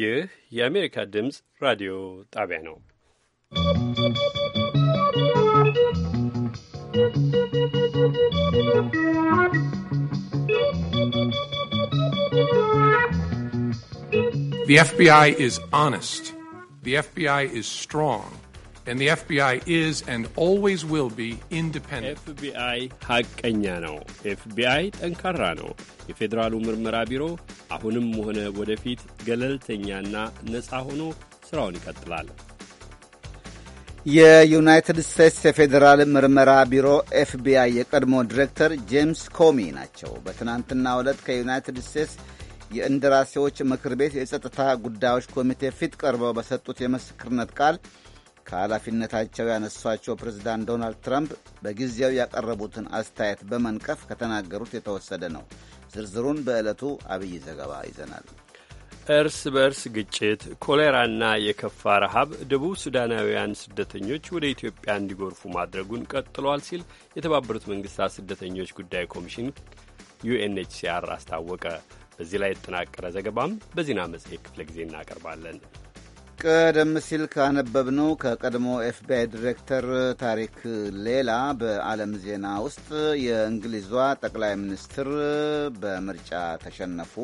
ይህ የአሜሪካ ድምፅ ራዲዮ ጣቢያ ነው። The FBI is honest. The FBI is strong. FBI ሀቀኛ ነው። FBI ጠንካራ ነው። የፌዴራሉ ምርመራ ቢሮ አሁንም ሆነ ወደፊት ገለልተኛና ነፃ ሆኖ ስራውን ይቀጥላል። የዩናይትድ ስቴትስ የፌዴራል ምርመራ ቢሮ ኤፍቢአይ የቀድሞ ዲሬክተር ጄምስ ኮሚ ናቸው። በትናንትናው ዕለት ከዩናይትድ ስቴትስ የእንደራሴዎች ምክር ቤት የጸጥታ ጉዳዮች ኮሚቴ ፊት ቀርበው በሰጡት የምስክርነት ቃል ከኃላፊነታቸው ያነሷቸው ፕሬዝዳንት ዶናልድ ትራምፕ በጊዜው ያቀረቡትን አስተያየት በመንቀፍ ከተናገሩት የተወሰደ ነው። ዝርዝሩን በዕለቱ አብይ ዘገባ ይዘናል። እርስ በርስ ግጭት፣ ኮሌራና የከፋ ረሃብ ደቡብ ሱዳናውያን ስደተኞች ወደ ኢትዮጵያ እንዲጎርፉ ማድረጉን ቀጥሏል ሲል የተባበሩት መንግስታት ስደተኞች ጉዳይ ኮሚሽን ዩኤንኤችሲአር አስታወቀ። በዚህ ላይ የተጠናቀረ ዘገባም በዜና መጽሔት ክፍለ ጊዜ እናቀርባለን። ቀደም ሲል ካነበብነው ከቀድሞ ኤፍቢአይ ዲሬክተር ታሪክ ሌላ በዓለም ዜና ውስጥ የእንግሊዟ ጠቅላይ ሚኒስትር በምርጫ ተሸነፉ፣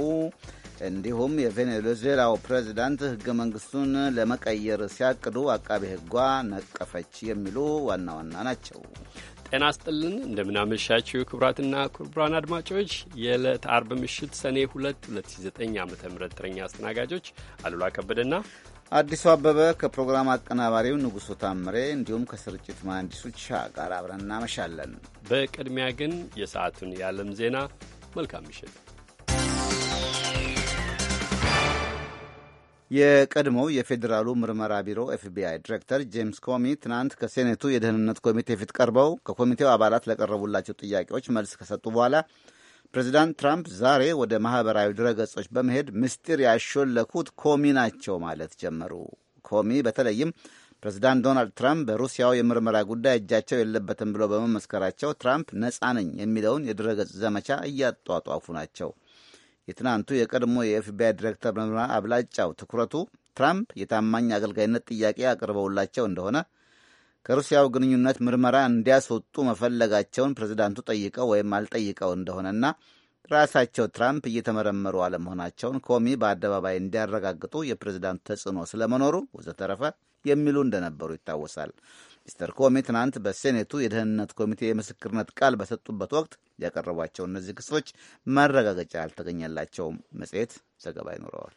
እንዲሁም የቬኔዙዌላው ፕሬዚዳንት ሕገ መንግሥቱን ለመቀየር ሲያቅዱ አቃቤ ሕጓ ነቀፈች የሚሉ ዋና ዋና ናቸው። ጤና ስጥልን እንደምናመሻችው ክቡራትና ክቡራን አድማጮች የዕለት አርብ ምሽት ሰኔ 2 2009 ዓ ም ጥረኛ አስተናጋጆች አሉላ ከበደና አዲሱ አበበ ከፕሮግራም አቀናባሪው ንጉሶ ታምሬ እንዲሁም ከስርጭት መሐንዲሱ ቻ ጋር አብረን እናመሻለን። በቅድሚያ ግን የሰዓቱን የዓለም ዜና። መልካም ምሽት። የቀድሞው የፌዴራሉ ምርመራ ቢሮ ኤፍቢአይ ዲሬክተር ጄምስ ኮሚ ትናንት ከሴኔቱ የደህንነት ኮሚቴ ፊት ቀርበው ከኮሚቴው አባላት ለቀረቡላቸው ጥያቄዎች መልስ ከሰጡ በኋላ ፕሬዚዳንት ትራምፕ ዛሬ ወደ ማኅበራዊ ድረገጾች በመሄድ ምስጢር ያሾለኩት ኮሚ ናቸው ማለት ጀመሩ። ኮሚ በተለይም ፕሬዚዳንት ዶናልድ ትራምፕ በሩሲያው የምርመራ ጉዳይ እጃቸው የለበትም ብሎ በመመስከራቸው ትራምፕ ነጻ ነኝ የሚለውን የድረገጽ ዘመቻ እያጧጧፉ ናቸው። የትናንቱ የቀድሞ የኤፍቢአይ ዲሬክተር ምርመራ አብላጫው ትኩረቱ ትራምፕ የታማኝ አገልጋይነት ጥያቄ አቅርበውላቸው እንደሆነ ከሩሲያው ግንኙነት ምርመራ እንዲያስወጡ መፈለጋቸውን ፕሬዚዳንቱ ጠይቀው ወይም አልጠይቀው እንደሆነና ራሳቸው ትራምፕ እየተመረመሩ አለመሆናቸውን ኮሚ በአደባባይ እንዲያረጋግጡ የፕሬዚዳንቱ ተጽዕኖ ስለመኖሩ ወዘተረፈ የሚሉ እንደነበሩ ይታወሳል። ሚስተር ኮሚ ትናንት በሴኔቱ የደህንነት ኮሚቴ የምስክርነት ቃል በሰጡበት ወቅት ያቀረቧቸው እነዚህ ክሶች ማረጋገጫ አልተገኘላቸውም። መጽሔት ዘገባ ይኖረዋል።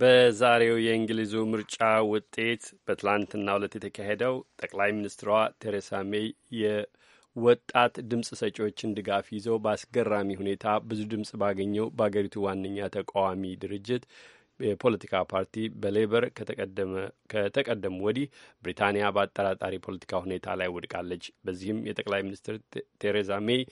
በዛሬው የእንግሊዙ ምርጫ ውጤት በትላንትና ሁለት የተካሄደው ጠቅላይ ሚኒስትሯ ቴሬሳ ሜይ የወጣት ድምፅ ሰጪዎችን ድጋፍ ይዘው በአስገራሚ ሁኔታ ብዙ ድምፅ ባገኘው በአገሪቱ ዋነኛ ተቃዋሚ ድርጅት የፖለቲካ ፓርቲ በሌበር ከተቀደሙ ወዲህ ብሪታንያ በአጠራጣሪ ፖለቲካ ሁኔታ ላይ ወድቃለች። በዚህም የጠቅላይ ሚኒስትር ቴሬዛ ሜይ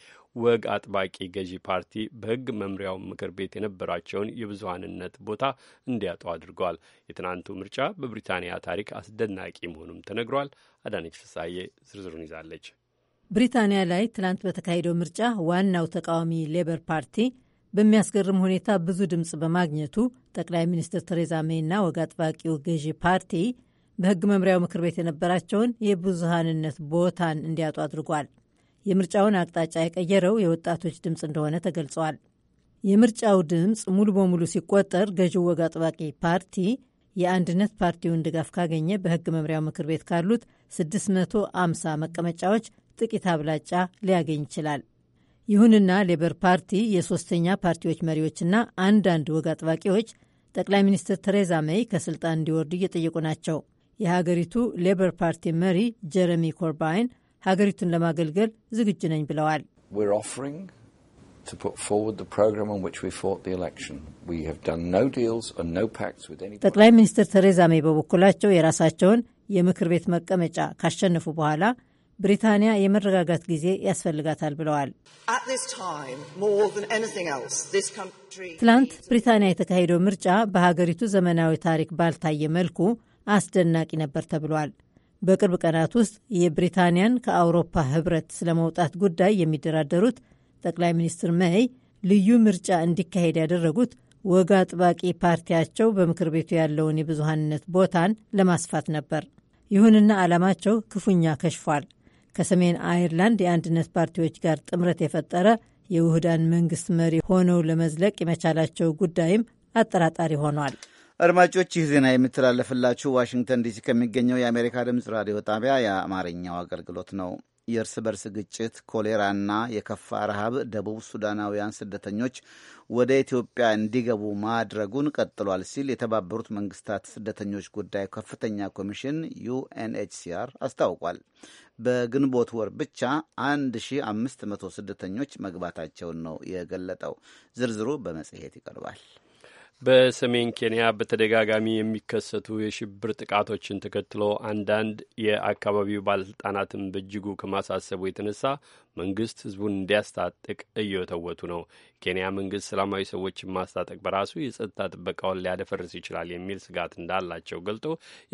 ወግ አጥባቂ ገዢ ፓርቲ በሕግ መምሪያው ምክር ቤት የነበራቸውን የብዙሀንነት ቦታ እንዲያጡ አድርጓል። የትናንቱ ምርጫ በብሪታንያ ታሪክ አስደናቂ መሆኑም ተነግሯል። አዳነች ፍሳዬ ዝርዝሩን ይዛለች። ብሪታንያ ላይ ትናንት በተካሄደው ምርጫ ዋናው ተቃዋሚ ሌበር ፓርቲ በሚያስገርም ሁኔታ ብዙ ድምፅ በማግኘቱ ጠቅላይ ሚኒስትር ቴሬዛ ሜይና ወግ አጥባቂው ገዢ ፓርቲ በሕግ መምሪያው ምክር ቤት የነበራቸውን የብዙሃንነት ቦታን እንዲያጡ አድርጓል። የምርጫውን አቅጣጫ የቀየረው የወጣቶች ድምፅ እንደሆነ ተገልጿል። የምርጫው ድምፅ ሙሉ በሙሉ ሲቆጠር ገዢው ወግ አጥባቂ ፓርቲ የአንድነት ፓርቲውን ድጋፍ ካገኘ በሕግ መምሪያው ምክር ቤት ካሉት 650 መቀመጫዎች ጥቂት አብላጫ ሊያገኝ ይችላል። ይሁንና ሌበር ፓርቲ የሶስተኛ ፓርቲዎች መሪዎችና አንዳንድ ወግ አጥባቂዎች ጠቅላይ ሚኒስትር ቴሬዛ ሜይ ከስልጣን እንዲወርዱ እየጠየቁ ናቸው። የሀገሪቱ ሌበር ፓርቲ መሪ ጀረሚ ኮርባይን ሀገሪቱን ለማገልገል ዝግጁ ነኝ ብለዋል። ጠቅላይ ሚኒስትር ቴሬዛ ሜይ በበኩላቸው የራሳቸውን የምክር ቤት መቀመጫ ካሸነፉ በኋላ ብሪታንያ የመረጋጋት ጊዜ ያስፈልጋታል ብለዋል። ትላንት ብሪታንያ የተካሄደው ምርጫ በሀገሪቱ ዘመናዊ ታሪክ ባልታየ መልኩ አስደናቂ ነበር ተብሏል። በቅርብ ቀናት ውስጥ የብሪታንያን ከአውሮፓ ህብረት ስለመውጣት ጉዳይ የሚደራደሩት ጠቅላይ ሚኒስትር መይ ልዩ ምርጫ እንዲካሄድ ያደረጉት ወግ አጥባቂ ፓርቲያቸው በምክር ቤቱ ያለውን የብዙሃንነት ቦታን ለማስፋት ነበር። ይሁንና ዓላማቸው ክፉኛ ከሽፏል። ከሰሜን አይርላንድ የአንድነት ፓርቲዎች ጋር ጥምረት የፈጠረ የውህዳን መንግስት መሪ ሆነው ለመዝለቅ የመቻላቸው ጉዳይም አጠራጣሪ ሆኗል። አድማጮች፣ ይህ ዜና የሚተላለፍላችሁ ዋሽንግተን ዲሲ ከሚገኘው የአሜሪካ ድምፅ ራዲዮ ጣቢያ የአማርኛው አገልግሎት ነው። የእርስ በርስ ግጭት፣ ኮሌራና የከፋ ረሃብ ደቡብ ሱዳናውያን ስደተኞች ወደ ኢትዮጵያ እንዲገቡ ማድረጉን ቀጥሏል ሲል የተባበሩት መንግስታት ስደተኞች ጉዳይ ከፍተኛ ኮሚሽን ዩኤንኤችሲአር አስታውቋል። በግንቦት ወር ብቻ 1500 ስደተኞች መግባታቸውን ነው የገለጠው። ዝርዝሩ በመጽሔት ይቀርባል። በሰሜን ኬንያ በተደጋጋሚ የሚከሰቱ የሽብር ጥቃቶችን ተከትሎ አንዳንድ የአካባቢው ባለስልጣናትን በእጅጉ ከማሳሰቡ የተነሳ መንግስት ህዝቡን እንዲያስታጥቅ እየወተወቱ ነው። ኬንያ መንግስት ሰላማዊ ሰዎችን ማስታጠቅ በራሱ የጸጥታ ጥበቃውን ሊያደፈርስ ይችላል የሚል ስጋት እንዳላቸው ገልጦ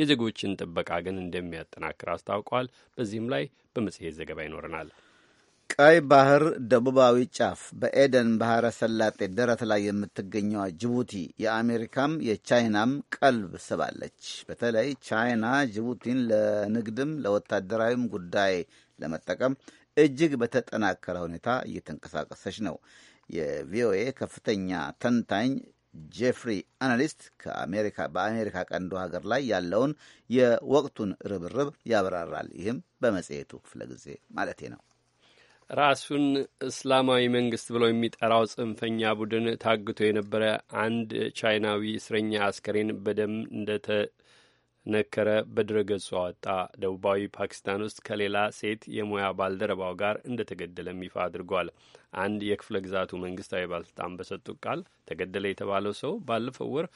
የዜጎችን ጥበቃ ግን እንደሚያጠናክር አስታውቋል። በዚህም ላይ በመጽሔት ዘገባ ይኖረናል። ቀይ ባህር ደቡባዊ ጫፍ በኤደን ባህረ ሰላጤ ደረት ላይ የምትገኘዋ ጅቡቲ የአሜሪካም የቻይናም ቀልብ ስባለች። በተለይ ቻይና ጅቡቲን ለንግድም ለወታደራዊም ጉዳይ ለመጠቀም እጅግ በተጠናከረ ሁኔታ እየተንቀሳቀሰች ነው። የቪኦኤ ከፍተኛ ተንታኝ ጄፍሪ አናሊስት በአሜሪካ ቀንዱ ሀገር ላይ ያለውን የወቅቱን ርብርብ ያብራራል። ይህም በመጽሔቱ ክፍለ ጊዜ ማለቴ ነው። ራሱን እስላማዊ መንግስት ብለው የሚጠራው ጽንፈኛ ቡድን ታግቶ የነበረ አንድ ቻይናዊ እስረኛ አስከሬን በደም እንደተነከረ በድረገጹ አወጣ። ደቡባዊ ፓኪስታን ውስጥ ከሌላ ሴት የሙያ ባልደረባው ጋር እንደተገደለም ይፋ አድርጓል። አንድ የክፍለ ግዛቱ መንግስታዊ ባለስልጣን በሰጡት ቃል ተገደለ የተባለው ሰው ባለፈው ወር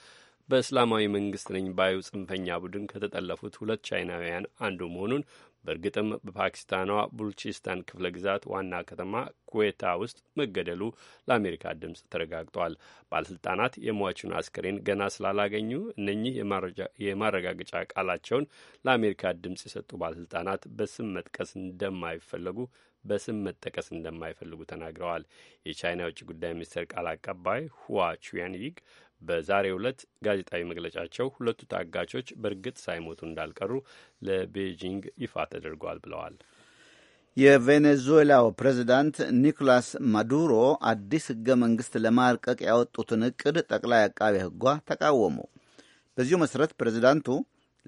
በእስላማዊ መንግስት ነኝ ባዩ ጽንፈኛ ቡድን ከተጠለፉት ሁለት ቻይናውያን አንዱ መሆኑን በእርግጥም በፓኪስታኗ ቡልቺስታን ክፍለ ግዛት ዋና ከተማ ኩዌታ ውስጥ መገደሉ ለአሜሪካ ድምፅ ተረጋግጧል። ባለስልጣናት የሟቹን አስክሬን ገና ስላላገኙ እነኚህ የማረጋገጫ ቃላቸውን ለአሜሪካ ድምፅ የሰጡ ባለስልጣናት በስም መጥቀስ እንደማይፈለጉ በስም መጠቀስ እንደማይፈልጉ ተናግረዋል። የቻይና የውጭ ጉዳይ ሚኒስቴር ቃል አቀባይ ሁዋ ቹያንይግ በዛሬ ዕለት ጋዜጣዊ መግለጫቸው ሁለቱ ታጋቾች በእርግጥ ሳይሞቱ እንዳልቀሩ ለቤጂንግ ይፋ ተደርጓል ብለዋል። የቬኔዙዌላው ፕሬዚዳንት ኒኮላስ ማዱሮ አዲስ ህገ መንግሥት ለማርቀቅ ያወጡትን እቅድ ጠቅላይ አቃቤ ህጓ ተቃወሙ። በዚሁ መሠረት ፕሬዚዳንቱ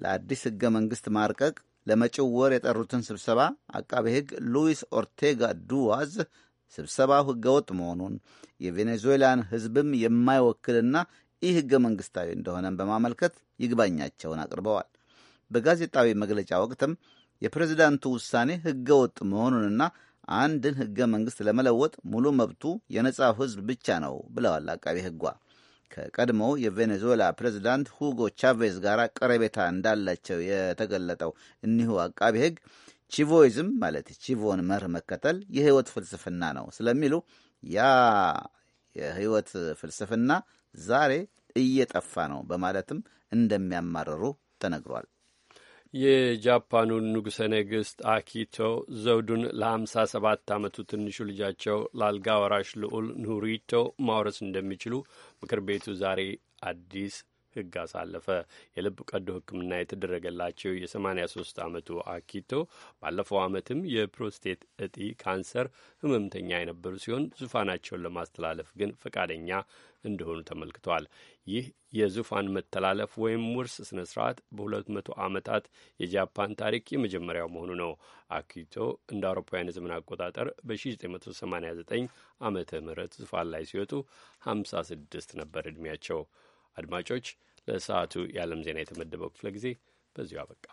ለአዲስ ህገ መንግሥት ማርቀቅ ለመጪው ወር የጠሩትን ስብሰባ አቃቤ ሕግ ሉዊስ ኦርቴጋ ዱዋዝ ስብሰባው ህገወጥ መሆኑን የቬኔዙዌላን ሕዝብም የማይወክልና ይህ ህገ መንግስታዊ እንደሆነም በማመልከት ይግባኛቸውን አቅርበዋል። በጋዜጣዊ መግለጫ ወቅትም የፕሬዝዳንቱ ውሳኔ ህገወጥ ወጥ መሆኑንና አንድን ህገ መንግስት ለመለወጥ ሙሉ መብቱ የነጻው ህዝብ ብቻ ነው ብለዋል አቃቤ ህጓ። ከቀድሞው የቬኔዙዌላ ፕሬዚዳንት ሁጎ ቻቬዝ ጋር ቀረቤታ እንዳላቸው የተገለጠው እኒሁ አቃቢ ሕግ ቺቮይዝም ማለት ቺቮን መርህ መከተል የህይወት ፍልስፍና ነው ስለሚሉ ያ የህይወት ፍልስፍና ዛሬ እየጠፋ ነው በማለትም እንደሚያማርሩ ተነግሯል። የጃፓኑን ንጉሠ ነገሥት አኪቶ ዘውዱን ለሀምሳ ሰባት ዓመቱ ትንሹ ልጃቸው ላልጋ ወራሽ ልዑል ኑሪቶ ማውረስ እንደሚችሉ ምክር ቤቱ ዛሬ አዲስ ሕግ አሳለፈ። የልብ ቀዶ ሕክምና የተደረገላቸው የ83 ዓመቱ አኪቶ ባለፈው ዓመትም የፕሮስቴት እጢ ካንሰር ህመምተኛ የነበሩ ሲሆን ዙፋናቸውን ለማስተላለፍ ግን ፈቃደኛ እንደሆኑ ተመልክቷል። ይህ የዙፋን መተላለፍ ወይም ውርስ ስነ ስርዓት በሁለት መቶ ዓመታት የጃፓን ታሪክ የመጀመሪያው መሆኑ ነው። አኪቶ እንደ አውሮፓውያን የዘመን አቆጣጠር በ1989 ዓመተ ምህረት ዙፋን ላይ ሲወጡ 56 ነበር ዕድሜያቸው። አድማጮች፣ ለሰዓቱ የዓለም ዜና የተመደበው ክፍለ ጊዜ በዚሁ አበቃ።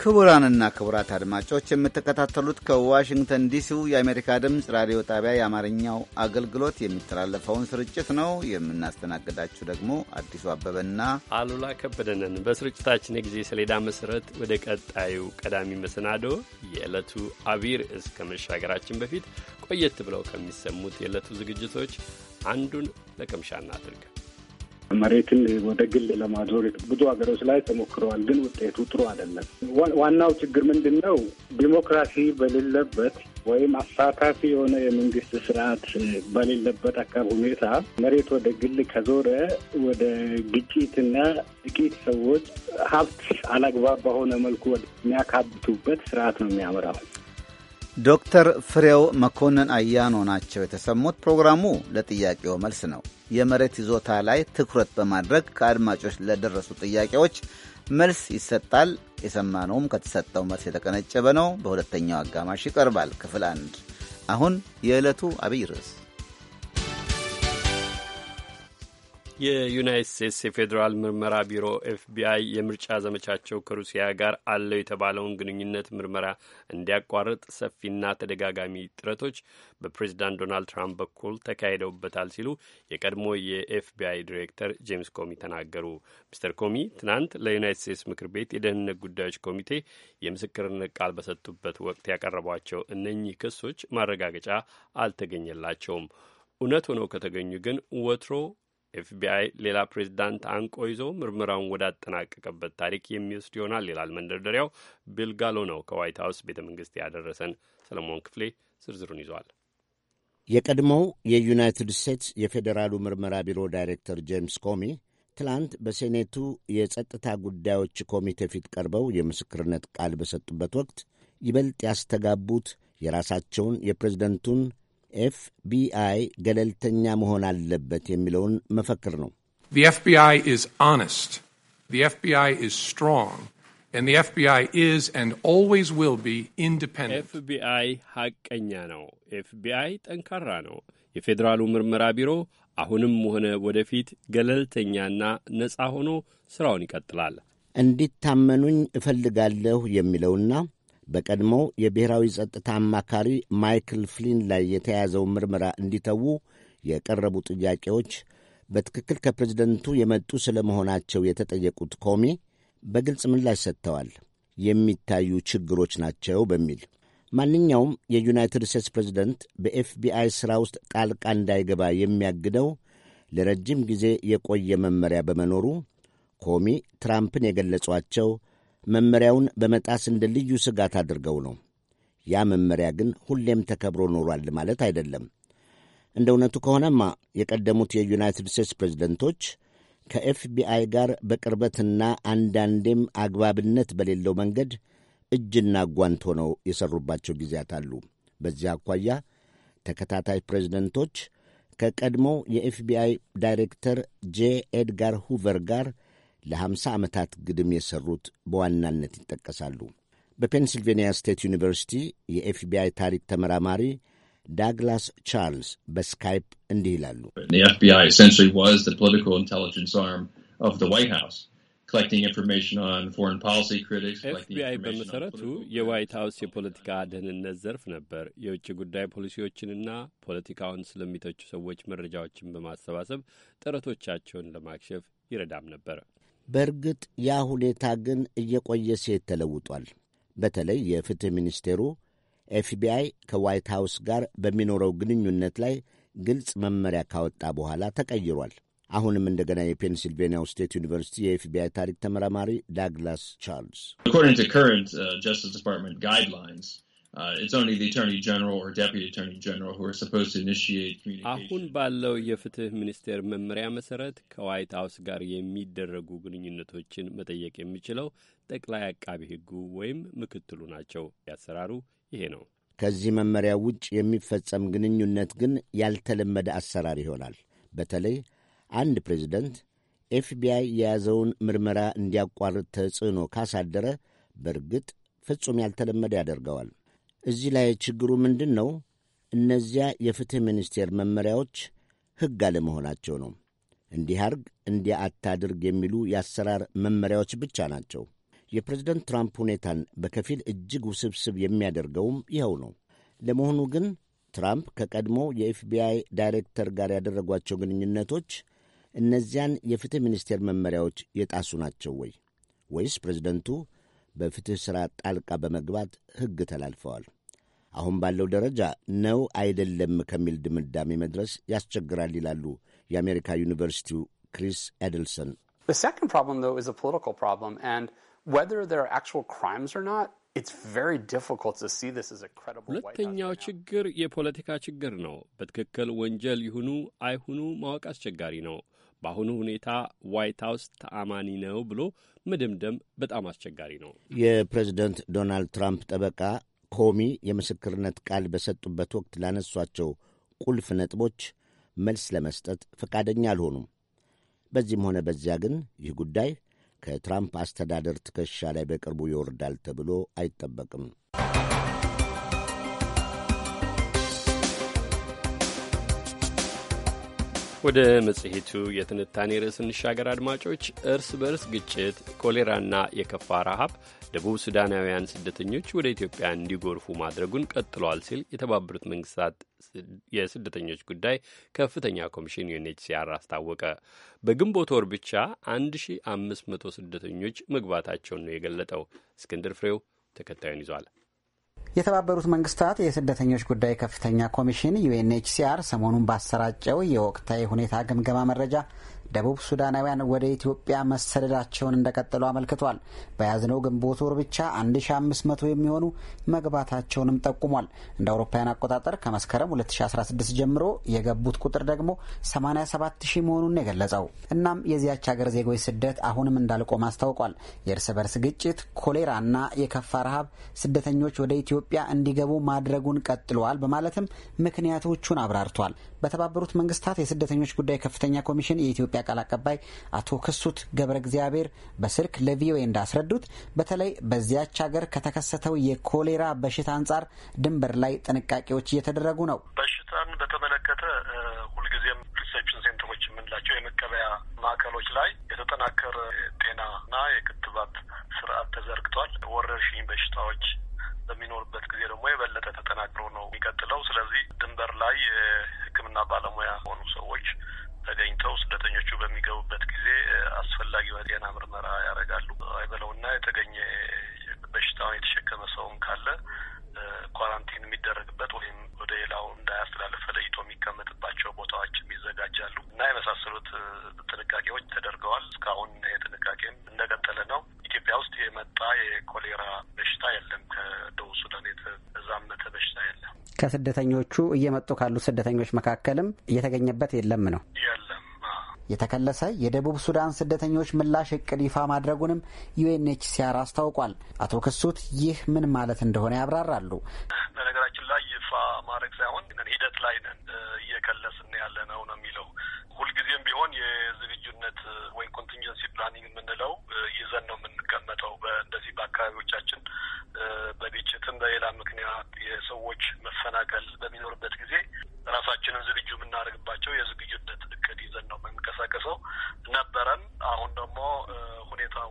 ክቡራንና ክቡራት አድማጮች የምትከታተሉት ከዋሽንግተን ዲሲው የአሜሪካ ድምፅ ራዲዮ ጣቢያ የአማርኛው አገልግሎት የሚተላለፈውን ስርጭት ነው። የምናስተናግዳችሁ ደግሞ አዲሱ አበበና አሉላ ከበደንን። በስርጭታችን የጊዜ ሰሌዳ መሰረት ወደ ቀጣዩ ቀዳሚ መሰናዶ የዕለቱ አቢር እስከ መሻገራችን በፊት ቆየት ብለው ከሚሰሙት የዕለቱ ዝግጅቶች አንዱን ለቅምሻ እናድርግ። መሬትን ወደ ግል ለማዞር ብዙ ሀገሮች ላይ ተሞክረዋል፣ ግን ውጤቱ ጥሩ አይደለም። ዋናው ችግር ምንድን ነው? ዲሞክራሲ በሌለበት ወይም አሳታፊ የሆነ የመንግስት ስርዓት በሌለበት አካባቢ ሁኔታ መሬት ወደ ግል ከዞረ ወደ ግጭትና ጥቂት ሰዎች ሀብት አላግባብ በሆነ መልኩ የሚያካብቱበት ስርዓት ነው የሚያመራው። ዶክተር ፍሬው መኮንን አያኖ ናቸው የተሰሙት። ፕሮግራሙ ለጥያቄው መልስ ነው። የመሬት ይዞታ ላይ ትኩረት በማድረግ ከአድማጮች ለደረሱ ጥያቄዎች መልስ ይሰጣል። የሰማነውም ከተሰጠው መልስ የተቀነጨበ ነው። በሁለተኛው አጋማሽ ይቀርባል። ክፍል አንድ። አሁን የዕለቱ አብይ ርዕስ የዩናይት ስቴትስ የፌዴራል ምርመራ ቢሮ ኤፍቢአይ የምርጫ ዘመቻቸው ከሩሲያ ጋር አለው የተባለውን ግንኙነት ምርመራ እንዲያቋርጥ ሰፊና ተደጋጋሚ ጥረቶች በፕሬዚዳንት ዶናልድ ትራምፕ በኩል ተካሂደውበታል ሲሉ የቀድሞ የኤፍቢአይ ዲሬክተር ጄምስ ኮሚ ተናገሩ። ሚስተር ኮሚ ትናንት ለዩናይት ስቴትስ ምክር ቤት የደህንነት ጉዳዮች ኮሚቴ የምስክርነት ቃል በሰጡበት ወቅት ያቀረቧቸው እነኚህ ክሶች ማረጋገጫ አልተገኘላቸውም። እውነት ሆነው ከተገኙ ግን ወትሮ ኤፍቢአይ ሌላ ፕሬዚዳንት አንቆ ይዞ ምርመራውን አጠናቀቀበት ታሪክ የሚወስድ ይሆናል ይላል መንደርደሪያው። ቢል ጋሎ ነው ከዋይት ሀውስ ቤተ መንግስት ያደረሰን። ሰለሞን ክፍሌ ዝርዝሩን ይዟል። የቀድሞው የዩናይትድ ስቴትስ የፌዴራሉ ምርመራ ቢሮ ዳይሬክተር ጄምስ ኮሚ ትላንት በሴኔቱ የጸጥታ ጉዳዮች ኮሚቴ ፊት ቀርበው የምስክርነት ቃል በሰጡበት ወቅት ይበልጥ ያስተጋቡት የራሳቸውን የፕሬዝደንቱን ኤፍቢአይ ገለልተኛ መሆን አለበት የሚለውን መፈክር ነው። ኤፍቢአይ ሐቀኛ ነው። ኤፍቢአይ ጠንካራ ነው። የፌዴራሉ ምርመራ ቢሮ አሁንም ሆነ ወደፊት ገለልተኛና ነጻ ሆኖ ሥራውን ይቀጥላል። እንዲታመኑኝ እፈልጋለሁ የሚለውና በቀድሞው የብሔራዊ ጸጥታ አማካሪ ማይክል ፍሊን ላይ የተያዘውን ምርመራ እንዲተዉ የቀረቡ ጥያቄዎች በትክክል ከፕሬዝደንቱ የመጡ ስለመሆናቸው የተጠየቁት ኮሚ በግልጽ ምላሽ ሰጥተዋል። የሚታዩ ችግሮች ናቸው በሚል ማንኛውም የዩናይትድ ስቴትስ ፕሬዝደንት በኤፍቢአይ ሥራ ውስጥ ጣልቃ እንዳይገባ የሚያግደው ለረጅም ጊዜ የቆየ መመሪያ በመኖሩ ኮሚ ትራምፕን የገለጿቸው መመሪያውን በመጣስ እንደ ልዩ ስጋት አድርገው ነው። ያ መመሪያ ግን ሁሌም ተከብሮ ኖሯል ማለት አይደለም። እንደ እውነቱ ከሆነማ የቀደሙት የዩናይትድ ስቴትስ ፕሬዝደንቶች ከኤፍቢአይ ጋር በቅርበትና አንዳንዴም አግባብነት በሌለው መንገድ እጅና ጓንት ሆነው የሠሩባቸው ጊዜያት አሉ። በዚህ አኳያ ተከታታይ ፕሬዝደንቶች ከቀድሞው የኤፍቢአይ ዳይሬክተር ጄ ኤድጋር ሁቨር ጋር ለ50 ዓመታት ግድም የሠሩት በዋናነት ይጠቀሳሉ። በፔንስልቬንያ ስቴት ዩኒቨርሲቲ የኤፍቢአይ ታሪክ ተመራማሪ ዳግላስ ቻርልስ በስካይፕ እንዲህ ይላሉ። ኤፍቢአይ በመሠረቱ የዋይት ሀውስ የፖለቲካ ደህንነት ዘርፍ ነበር። የውጭ ጉዳይ ፖሊሲዎችንና ፖለቲካውን ስለሚተቹ ሰዎች መረጃዎችን በማሰባሰብ ጥረቶቻቸውን ለማክሸፍ ይረዳም ነበር። በእርግጥ ያ ሁኔታ ግን እየቆየ ሴት ተለውጧል። በተለይ የፍትሕ ሚኒስቴሩ ኤፍቢአይ ከዋይት ሃውስ ጋር በሚኖረው ግንኙነት ላይ ግልጽ መመሪያ ካወጣ በኋላ ተቀይሯል። አሁንም እንደገና የፔንሲልቬንያው ስቴት ዩኒቨርሲቲ የኤፍቢአይ ታሪክ ተመራማሪ ዳግላስ ቻርልስ Uh, it's only the Attorney General or Deputy Attorney General who are supposed to initiate communication. አሁን ባለው የፍትህ ሚኒስቴር መመሪያ መሰረት ከዋይት ሀውስ ጋር የሚደረጉ ግንኙነቶችን መጠየቅ የሚችለው ጠቅላይ አቃቢ ህጉ ወይም ምክትሉ ናቸው። ያሰራሩ ይሄ ነው። ከዚህ መመሪያ ውጭ የሚፈጸም ግንኙነት ግን ያልተለመደ አሰራር ይሆናል። በተለይ አንድ ፕሬዚደንት ኤፍቢአይ የያዘውን ምርመራ እንዲያቋርጥ ተጽዕኖ ካሳደረ በእርግጥ ፍጹም ያልተለመደ ያደርገዋል። እዚህ ላይ ችግሩ ምንድን ነው? እነዚያ የፍትሕ ሚኒስቴር መመሪያዎች ሕግ አለመሆናቸው ነው። እንዲህ አርግ እንዲህ አታድርግ የሚሉ የአሰራር መመሪያዎች ብቻ ናቸው። የፕሬዝደንት ትራምፕ ሁኔታን በከፊል እጅግ ውስብስብ የሚያደርገውም ይኸው ነው። ለመሆኑ ግን ትራምፕ ከቀድሞ የኤፍቢአይ ዳይሬክተር ጋር ያደረጓቸው ግንኙነቶች እነዚያን የፍትሕ ሚኒስቴር መመሪያዎች የጣሱ ናቸው ወይ? ወይስ ፕሬዝደንቱ በፍትሕ ሥራ ጣልቃ በመግባት ሕግ ተላልፈዋል። አሁን ባለው ደረጃ ነው አይደለም ከሚል ድምዳሜ መድረስ ያስቸግራል ይላሉ የአሜሪካ ዩኒቨርሲቲው ክሪስ ኤድልሰን። ሁለተኛው ችግር የፖለቲካ ችግር ነው። በትክክል ወንጀል ይሁኑ አይሁኑ ማወቅ አስቸጋሪ ነው። በአሁኑ ሁኔታ ዋይት ሀውስ ተአማኒ ነው ብሎ መደምደም በጣም አስቸጋሪ ነው። የፕሬዝደንት ዶናልድ ትራምፕ ጠበቃ ኮሚ የምስክርነት ቃል በሰጡበት ወቅት ላነሷቸው ቁልፍ ነጥቦች መልስ ለመስጠት ፈቃደኛ አልሆኑም። በዚህም ሆነ በዚያ ግን ይህ ጉዳይ ከትራምፕ አስተዳደር ትከሻ ላይ በቅርቡ ይወርዳል ተብሎ አይጠበቅም። ወደ መጽሔቱ የትንታኔ ርዕስ እንሻገር። አድማጮች፣ እርስ በርስ ግጭት፣ ኮሌራና የከፋ ረሃብ ደቡብ ሱዳናውያን ስደተኞች ወደ ኢትዮጵያ እንዲጎርፉ ማድረጉን ቀጥሏል ሲል የተባበሩት መንግስታት የስደተኞች ጉዳይ ከፍተኛ ኮሚሽን ዩኤንኤችሲአር አስታወቀ። በግንቦት ወር ብቻ 1500 ስደተኞች መግባታቸውን ነው የገለጠው። እስክንድር ፍሬው ተከታዩን ይዟል። የተባበሩት መንግስታት የስደተኞች ጉዳይ ከፍተኛ ኮሚሽን ዩኤንኤችሲአር ሰሞኑን ባሰራጨው የወቅታዊ ሁኔታ ግምገማ መረጃ ደቡብ ሱዳናውያን ወደ ኢትዮጵያ መሰደዳቸውን እንደቀጠሉ አመልክቷል። በያዝነው ግንቦት ወር ብቻ 1500 የሚሆኑ መግባታቸውንም ጠቁሟል። እንደ አውሮፓውያን አቆጣጠር ከመስከረም 2016 ጀምሮ የገቡት ቁጥር ደግሞ 87000 መሆኑን የገለጸው እናም የዚያች ሀገር ዜጎች ስደት አሁንም እንዳልቆም አስታውቋል። የእርስ በርስ ግጭት፣ ኮሌራና የከፋ ረሃብ ስደተኞች ወደ ኢትዮጵያ እንዲገቡ ማድረጉን ቀጥሏል በማለትም ምክንያቶቹን አብራርቷል። በተባበሩት መንግስታት የስደተኞች ጉዳይ ከፍተኛ ኮሚሽን የኢትዮጵያ ማስታወቂያ ቃል አቀባይ አቶ ክሱት ገብረ እግዚአብሔር በስልክ ለቪኦኤ እንዳስረዱት በተለይ በዚያች ሀገር ከተከሰተው የኮሌራ በሽታ አንጻር ድንበር ላይ ጥንቃቄዎች እየተደረጉ ነው። በሽታን በተመለከተ ሁልጊዜም ሪሴፕሽን ሴንተሮች የምንላቸው የመቀበያ ማዕከሎች ላይ የተጠናከረ ጤናና የክትባት ስርዓት ተዘርግቷል። ወረርሽኝ በሽታዎች በሚኖርበት ጊዜ ደግሞ የበለጠ ተጠናክሮ ነው የሚቀጥለው። ስለዚህ ድንበር ላይ የሕክምና ባለሙያ ሆኑ ሰዎች ተገኝተው ስደተኞቹ በሚገቡበት ጊዜ አስፈላጊው የጤና ምርመራ ያደርጋሉ። አይበለውና የተገኘ በሽታውን የተሸከመ ሰውም ካለ ኳራንቲን የሚደረግበት ወይም ወደ ሌላው እንዳያስተላለፍ ለይቶ የሚቀመጥባቸው ቦታዎች ይዘጋጃሉ እና የመሳሰሉት ጥንቃቄዎች ተደርገዋል። እስካሁን ጥንቃቄም እንደቀጠለ ነው። ኢትዮጵያ ውስጥ የመጣ የኮሌራ በሽታ የለም። ከደቡብ ሱዳን የተዛመተ በሽታ የለም። ከስደተኞቹ እየመጡ ካሉት ስደተኞች መካከልም እየተገኘበት የለም ነው ያለ የተከለሰ የደቡብ ሱዳን ስደተኞች ምላሽ እቅድ ይፋ ማድረጉንም ዩኤንኤችሲአር አስታውቋል። አቶ ክሱት ይህ ምን ማለት እንደሆነ ያብራራሉ። በነገራችን ላይ ይፋ ማድረግ ሳይሆን ሂደት ላይ ነን እየከለስን ያለ ነው ነው የሚለው ሁልጊዜም ቢሆን የዝግጁነት ወይም ኮንቲንጀንሲ ፕላኒንግ የምንለው ይዘን ነው የምንቀመጠው። እንደዚህ በአካባቢዎቻችን በግጭትም በሌላ ምክንያት የሰዎች መፈናቀል በሚኖርበት ጊዜ ራሳችንን ዝግጁ የምናደርግባቸው የዝግጁነት እቅድ ይዘን ነው የምንቀሳቀሰው። ነበረን። አሁን ደግሞ ሁኔታው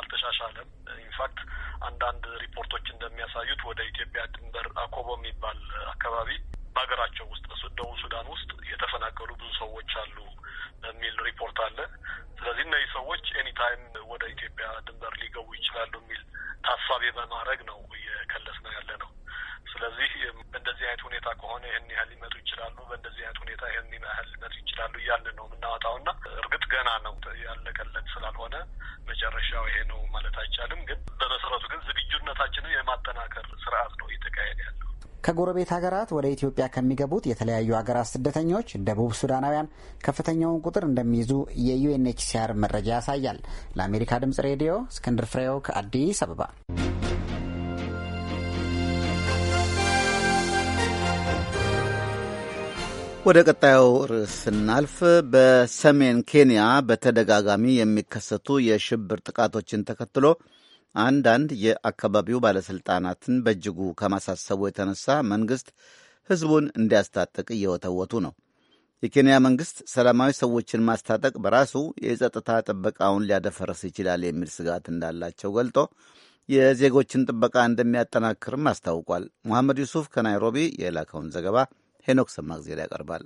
አልተሻሻለም። ኢንፋክት አንዳንድ ሪፖርቶች እንደሚያሳዩት ወደ ኢትዮጵያ ድንበር አኮቦ የሚባል አካባቢ በሀገራቸው ውስጥ ደቡብ ሱዳን ውስጥ የተፈናቀሉ ብዙ ሰዎች አሉ የሚል ሪፖርት አለ። ስለዚህ እነዚህ ሰዎች ኤኒታይም ወደ ኢትዮጵያ ድንበር ሊገቡ ይችላሉ የሚል ታሳቢ በማድረግ ነው እየከለስ ነው ያለ ነው። ስለዚህ በእንደዚህ አይነት ሁኔታ ከሆነ ይህን ያህል ሊመጡ ይችላሉ፣ በእንደዚህ አይነት ሁኔታ ይህን ያህል ሊመጡ ይችላሉ እያለ ነው የምናወጣው እና እርግጥ ገና ነው ያለቀለት ስላልሆነ መጨረሻው ይሄ ነው ማለት አይቻልም ግን ከጎረቤት ሀገራት ወደ ኢትዮጵያ ከሚገቡት የተለያዩ ሀገራት ስደተኞች ደቡብ ሱዳናውያን ከፍተኛውን ቁጥር እንደሚይዙ የዩኤንኤችሲአር መረጃ ያሳያል። ለአሜሪካ ድምጽ ሬዲዮ እስክንድር ፍሬው ከአዲስ አበባ። ወደ ቀጣዩ ርዕስ ስናልፍ በሰሜን ኬንያ በተደጋጋሚ የሚከሰቱ የሽብር ጥቃቶችን ተከትሎ አንዳንድ የአካባቢው ባለሥልጣናትን በእጅጉ ከማሳሰቡ የተነሳ መንግሥት ሕዝቡን እንዲያስታጥቅ እየወተወቱ ነው። የኬንያ መንግሥት ሰላማዊ ሰዎችን ማስታጠቅ በራሱ የጸጥታ ጥበቃውን ሊያደፈርስ ይችላል የሚል ስጋት እንዳላቸው ገልጦ የዜጎችን ጥበቃ እንደሚያጠናክርም አስታውቋል። መሐመድ ዩሱፍ ከናይሮቢ የላከውን ዘገባ ሄኖክ ሰማግዜር ያቀርባል።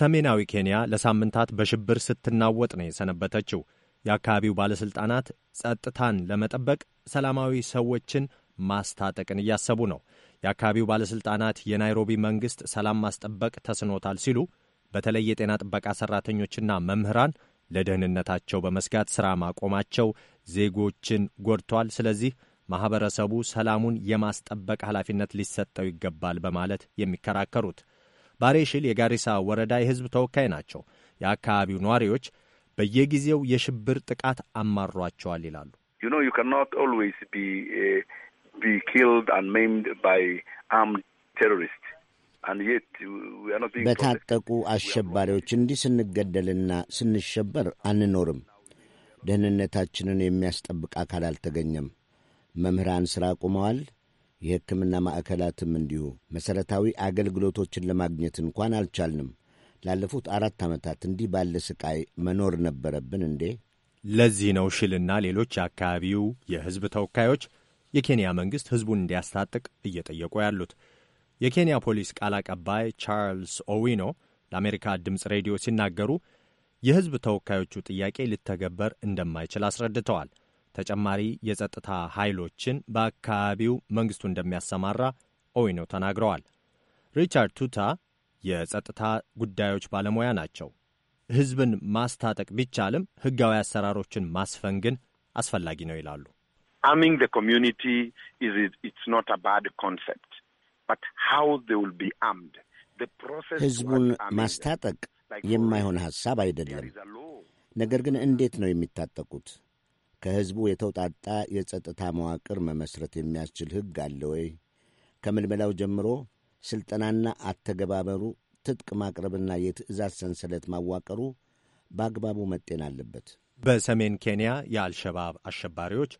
ሰሜናዊ ኬንያ ለሳምንታት በሽብር ስትናወጥ ነው የሰነበተችው። የአካባቢው ባለሥልጣናት ጸጥታን ለመጠበቅ ሰላማዊ ሰዎችን ማስታጠቅን እያሰቡ ነው። የአካባቢው ባለሥልጣናት የናይሮቢ መንግሥት ሰላም ማስጠበቅ ተስኖታል ሲሉ በተለይ የጤና ጥበቃ ሠራተኞችና መምህራን ለደህንነታቸው በመስጋት ሥራ ማቆማቸው ዜጎችን ጎድቷል። ስለዚህ ማኅበረሰቡ ሰላሙን የማስጠበቅ ኃላፊነት ሊሰጠው ይገባል በማለት የሚከራከሩት ባሬሽል የጋሪሳ ወረዳ የሕዝብ ተወካይ ናቸው። የአካባቢው ነዋሪዎች በየጊዜው የሽብር ጥቃት አማሯቸዋል ይላሉ። You know, you cannot always be uh, be killed and maimed by armed terrorists. and yet we are not በታጠቁ አሸባሪዎች እንዲህ ስንገደልና ስንሸበር አንኖርም። ደህንነታችንን የሚያስጠብቅ አካል አልተገኘም። መምህራን ሥራ አቁመዋል። የሕክምና ማዕከላትም እንዲሁ መሠረታዊ አገልግሎቶችን ለማግኘት እንኳን አልቻልንም። ላለፉት አራት ዓመታት እንዲህ ባለ ሥቃይ መኖር ነበረብን እንዴ? ለዚህ ነው ሽልና ሌሎች የአካባቢው የሕዝብ ተወካዮች የኬንያ መንግሥት ሕዝቡን እንዲያስታጥቅ እየጠየቁ ያሉት። የኬንያ ፖሊስ ቃል አቀባይ ቻርልስ ኦዊኖ ለአሜሪካ ድምፅ ሬዲዮ ሲናገሩ የሕዝብ ተወካዮቹ ጥያቄ ሊተገበር እንደማይችል አስረድተዋል። ተጨማሪ የጸጥታ ኃይሎችን በአካባቢው መንግሥቱ እንደሚያሰማራ ኦዊኖ ተናግረዋል። ሪቻርድ ቱታ የጸጥታ ጉዳዮች ባለሙያ ናቸው። ህዝብን ማስታጠቅ ቢቻልም ህጋዊ አሰራሮችን ማስፈን ግን አስፈላጊ ነው ይላሉ። ሃርሚንግ ዘ ኮሚዩኒቲ ኢትስ ኖት አ ባድ ኮንሰፕት ሃው ዘይ ዊል ቢ ህዝቡን ማስታጠቅ የማይሆን ሐሳብ አይደለም። ነገር ግን እንዴት ነው የሚታጠቁት? ከሕዝቡ የተውጣጣ የጸጥታ መዋቅር መመስረት የሚያስችል ሕግ አለ ወይ? ከምልመላው ጀምሮ ሥልጠናና አተገባበሩ ትጥቅ ማቅረብና የትዕዛዝ ሰንሰለት ማዋቀሩ በአግባቡ መጤን አለበት። በሰሜን ኬንያ የአልሸባብ አሸባሪዎች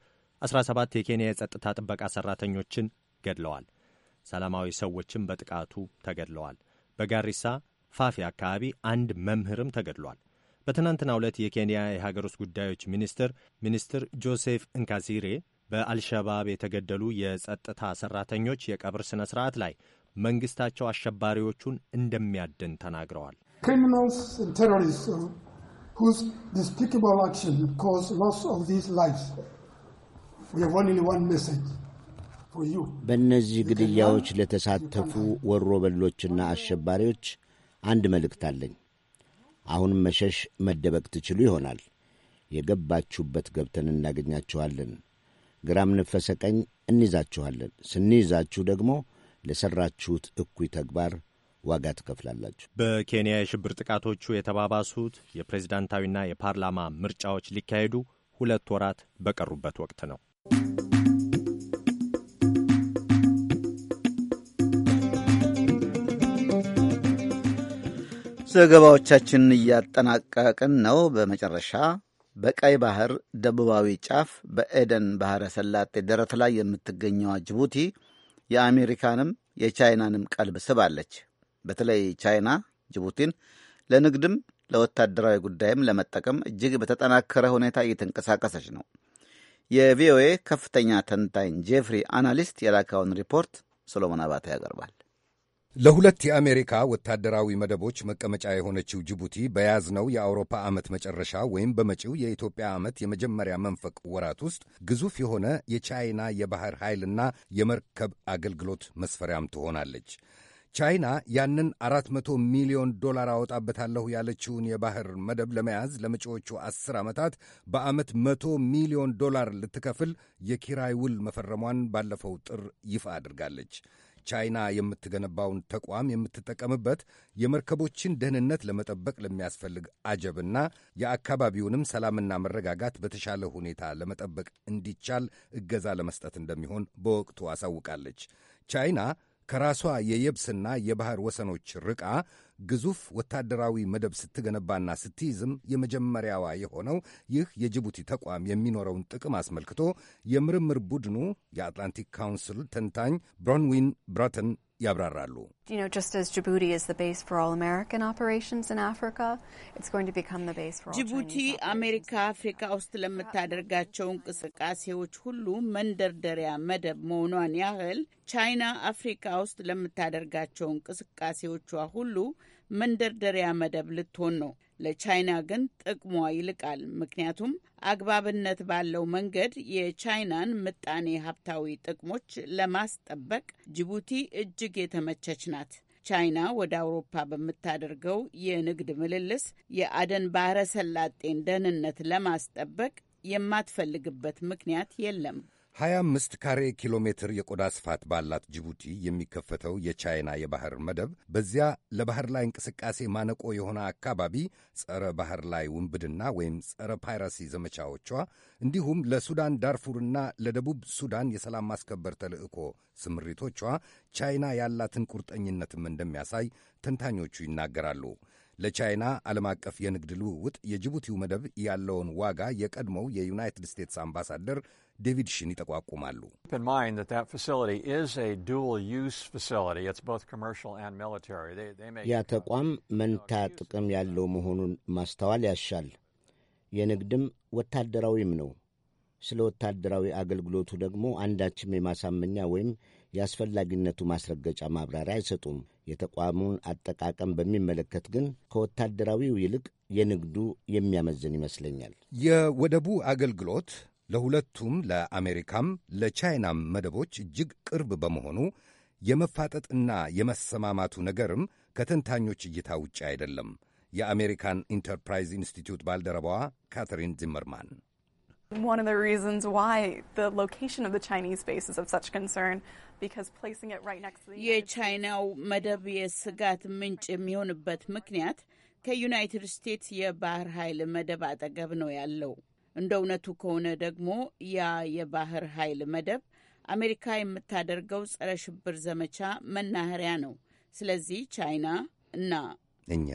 17 የኬንያ የጸጥታ ጥበቃ ሠራተኞችን ገድለዋል። ሰላማዊ ሰዎችም በጥቃቱ ተገድለዋል። በጋሪሳ ፋፊ አካባቢ አንድ መምህርም ተገድሏል። በትናንትናው ዕለት የኬንያ የሀገር ውስጥ ጉዳዮች ሚኒስትር ሚኒስትር ጆሴፍ እንካሲሬ በአልሸባብ የተገደሉ የጸጥታ ሠራተኞች የቀብር ሥነ ሥርዓት ላይ መንግስታቸው አሸባሪዎቹን እንደሚያድን ተናግረዋል። በእነዚህ ግድያዎች ለተሳተፉ ወሮ በሎችና አሸባሪዎች አንድ መልእክት አለኝ። አሁን መሸሽ መደበቅ ትችሉ ይሆናል። የገባችሁበት ገብተን እናገኛችኋለን። ግራም ንፈሰ ቀኝ እንይዛችኋለን። ስንይዛችሁ ደግሞ ለሠራችሁት እኩይ ተግባር ዋጋ ትከፍላላችሁ። በኬንያ የሽብር ጥቃቶቹ የተባባሱት የፕሬዝዳንታዊና የፓርላማ ምርጫዎች ሊካሄዱ ሁለት ወራት በቀሩበት ወቅት ነው። ዘገባዎቻችን እያጠናቀቅን ነው። በመጨረሻ በቀይ ባህር ደቡባዊ ጫፍ በኤደን ባህረ ሰላጤ ደረት ላይ የምትገኘዋ ጅቡቲ የአሜሪካንም የቻይናንም ቀልብ ስባለች። በተለይ ቻይና ጅቡቲን ለንግድም ለወታደራዊ ጉዳይም ለመጠቀም እጅግ በተጠናከረ ሁኔታ እየተንቀሳቀሰች ነው። የቪኦኤ ከፍተኛ ተንታኝ ጄፍሪ አናሊስት የላካውን ሪፖርት ሶሎሞን አባተ ያቀርባል። ለሁለት የአሜሪካ ወታደራዊ መደቦች መቀመጫ የሆነችው ጅቡቲ በያዝነው የአውሮፓ ዓመት መጨረሻ ወይም በመጪው የኢትዮጵያ ዓመት የመጀመሪያ መንፈቅ ወራት ውስጥ ግዙፍ የሆነ የቻይና የባህር ኃይልና የመርከብ አገልግሎት መስፈሪያም ትሆናለች። ቻይና ያንን 400 ሚሊዮን ዶላር አወጣበታለሁ ያለችውን የባህር መደብ ለመያዝ ለመጪዎቹ 10 ዓመታት በዓመት 100 ሚሊዮን ዶላር ልትከፍል የኪራይ ውል መፈረሟን ባለፈው ጥር ይፋ አድርጋለች። ቻይና የምትገነባውን ተቋም የምትጠቀምበት የመርከቦችን ደህንነት ለመጠበቅ ለሚያስፈልግ አጀብና የአካባቢውንም ሰላምና መረጋጋት በተሻለ ሁኔታ ለመጠበቅ እንዲቻል እገዛ ለመስጠት እንደሚሆን በወቅቱ አሳውቃለች። ቻይና ከራሷ የየብስና የባህር ወሰኖች ርቃ ግዙፍ ወታደራዊ መደብ ስትገነባና ስትይዝም የመጀመሪያዋ የሆነው ይህ የጅቡቲ ተቋም የሚኖረውን ጥቅም አስመልክቶ የምርምር ቡድኑ የአትላንቲክ ካውንስል ተንታኝ ብሮንዊን ብራተን ያብራራሉ። ጅቡቲ አሜሪካ አፍሪካ ውስጥ ለምታደርጋቸው እንቅስቃሴዎች ሁሉ መንደርደሪያ መደብ መሆኗን ያህል ቻይና አፍሪካ ውስጥ ለምታደርጋቸው እንቅስቃሴዎቿ ሁሉ መንደርደሪያ መደብ ልትሆን ነው። ለቻይና ግን ጥቅሟ ይልቃል። ምክንያቱም አግባብነት ባለው መንገድ የቻይናን ምጣኔ ሀብታዊ ጥቅሞች ለማስጠበቅ ጅቡቲ እጅግ የተመቸች ናት። ቻይና ወደ አውሮፓ በምታደርገው የንግድ ምልልስ የአደን ባህረ ሰላጤን ደህንነት ለማስጠበቅ የማትፈልግበት ምክንያት የለም። 25 ካሬ ኪሎ ሜትር የቆዳ ስፋት ባላት ጅቡቲ የሚከፈተው የቻይና የባህር መደብ በዚያ ለባህር ላይ እንቅስቃሴ ማነቆ የሆነ አካባቢ ጸረ ባህር ላይ ውንብድና ወይም ጸረ ፓይረሲ ዘመቻዎቿ እንዲሁም ለሱዳን ዳርፉርና ለደቡብ ሱዳን የሰላም ማስከበር ተልዕኮ ስምሪቶቿ ቻይና ያላትን ቁርጠኝነትም እንደሚያሳይ ተንታኞቹ ይናገራሉ። ለቻይና ዓለም አቀፍ የንግድ ልውውጥ የጅቡቲው መደብ ያለውን ዋጋ የቀድሞው የዩናይትድ ስቴትስ አምባሳደር ዴቪድ ሽን ይጠቋቁማሉ። ያ ተቋም መንታ ጥቅም ያለው መሆኑን ማስተዋል ያሻል። የንግድም ወታደራዊም ነው። ስለ ወታደራዊ አገልግሎቱ ደግሞ አንዳችም የማሳመኛ ወይም የአስፈላጊነቱ ማስረገጫ ማብራሪያ አይሰጡም። የተቋሙን አጠቃቀም በሚመለከት ግን ከወታደራዊው ይልቅ የንግዱ የሚያመዝን ይመስለኛል። የወደቡ አገልግሎት ለሁለቱም ለአሜሪካም ለቻይናም መደቦች እጅግ ቅርብ በመሆኑ የመፋጠጥና የመሰማማቱ ነገርም ከተንታኞች እይታ ውጭ አይደለም። የአሜሪካን ኢንተርፕራይዝ ኢንስቲትዩት ባልደረባዋ ካተሪን ዚመርማን one of the reasons why the location of the Chinese base is of such concern because placing it right next to the የቻይናው መደብ የስጋት ምንጭ የሚሆንበት ምክንያት ከዩናይትድ ስቴትስ የባህር ኃይል መደብ አጠገብ ነው ያለው። እንደ እውነቱ ከሆነ ደግሞ ያ የባህር ኃይል መደብ አሜሪካ የምታደርገው ጸረ ሽብር ዘመቻ መናኸሪያ ነው። ስለዚህ ቻይና እና እኛ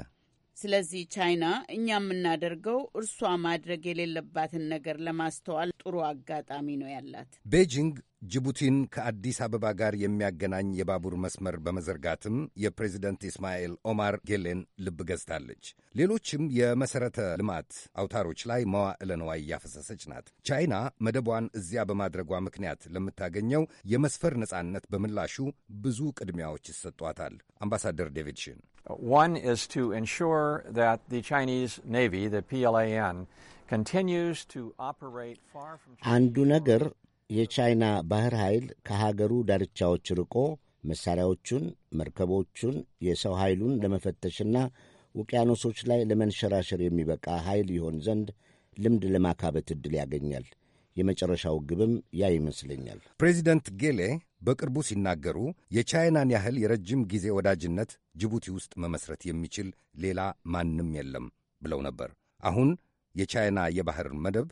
ስለዚህ ቻይና እኛ የምናደርገው እርሷ ማድረግ የሌለባትን ነገር ለማስተዋል ጥሩ አጋጣሚ ነው ያላት። ቤጂንግ ጅቡቲን ከአዲስ አበባ ጋር የሚያገናኝ የባቡር መስመር በመዘርጋትም የፕሬዚደንት ኢስማኤል ኦማር ጌሌን ልብ ገዝታለች። ሌሎችም የመሠረተ ልማት አውታሮች ላይ መዋዕለ ነዋይ እያፈሰሰች ናት። ቻይና መደቧን እዚያ በማድረጓ ምክንያት ለምታገኘው የመስፈር ነጻነት በምላሹ ብዙ ቅድሚያዎች ይሰጧታል። አምባሳደር ዴቪድ ሽን One is to ensure that the Chinese Navy, the PLAN, continues to operate far from China. አንዱ ነገር የቻይና ባህር ኃይል ከሀገሩ ዳርቻዎች ርቆ መሣሪያዎቹን፣ መርከቦቹን፣ የሰው ኃይሉን ለመፈተሽና ውቅያኖሶች ላይ ለመንሸራሸር የሚበቃ ኃይል ይሆን ዘንድ ልምድ ለማካበት ዕድል ያገኛል። የመጨረሻው ግብም ያ ይመስለኛል። ፕሬዚደንት ጌሌ በቅርቡ ሲናገሩ የቻይናን ያህል የረጅም ጊዜ ወዳጅነት ጅቡቲ ውስጥ መመስረት የሚችል ሌላ ማንም የለም ብለው ነበር። አሁን የቻይና የባህር መደብ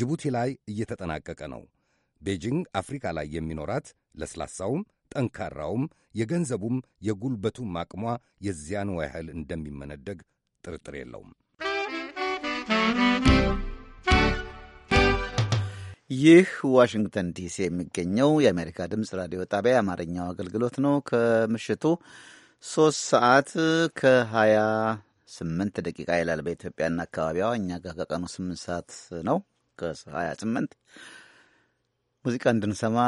ጅቡቲ ላይ እየተጠናቀቀ ነው። ቤጂንግ አፍሪካ ላይ የሚኖራት ለስላሳውም ጠንካራውም የገንዘቡም የጉልበቱም አቅሟ የዚያኑ ያህል እንደሚመነደግ ጥርጥር የለውም። ይህ ዋሽንግተን ዲሲ የሚገኘው የአሜሪካ ድምፅ ራዲዮ ጣቢያ የአማርኛው አገልግሎት ነው። ከምሽቱ ሶስት ሰዓት ከሀያ ስምንት ደቂቃ ይላል በኢትዮጵያና አካባቢዋ። እኛ ጋር ከቀኑ ስምንት ሰዓት ነው ከሀያ ስምንት ሙዚቃ እንድንሰማ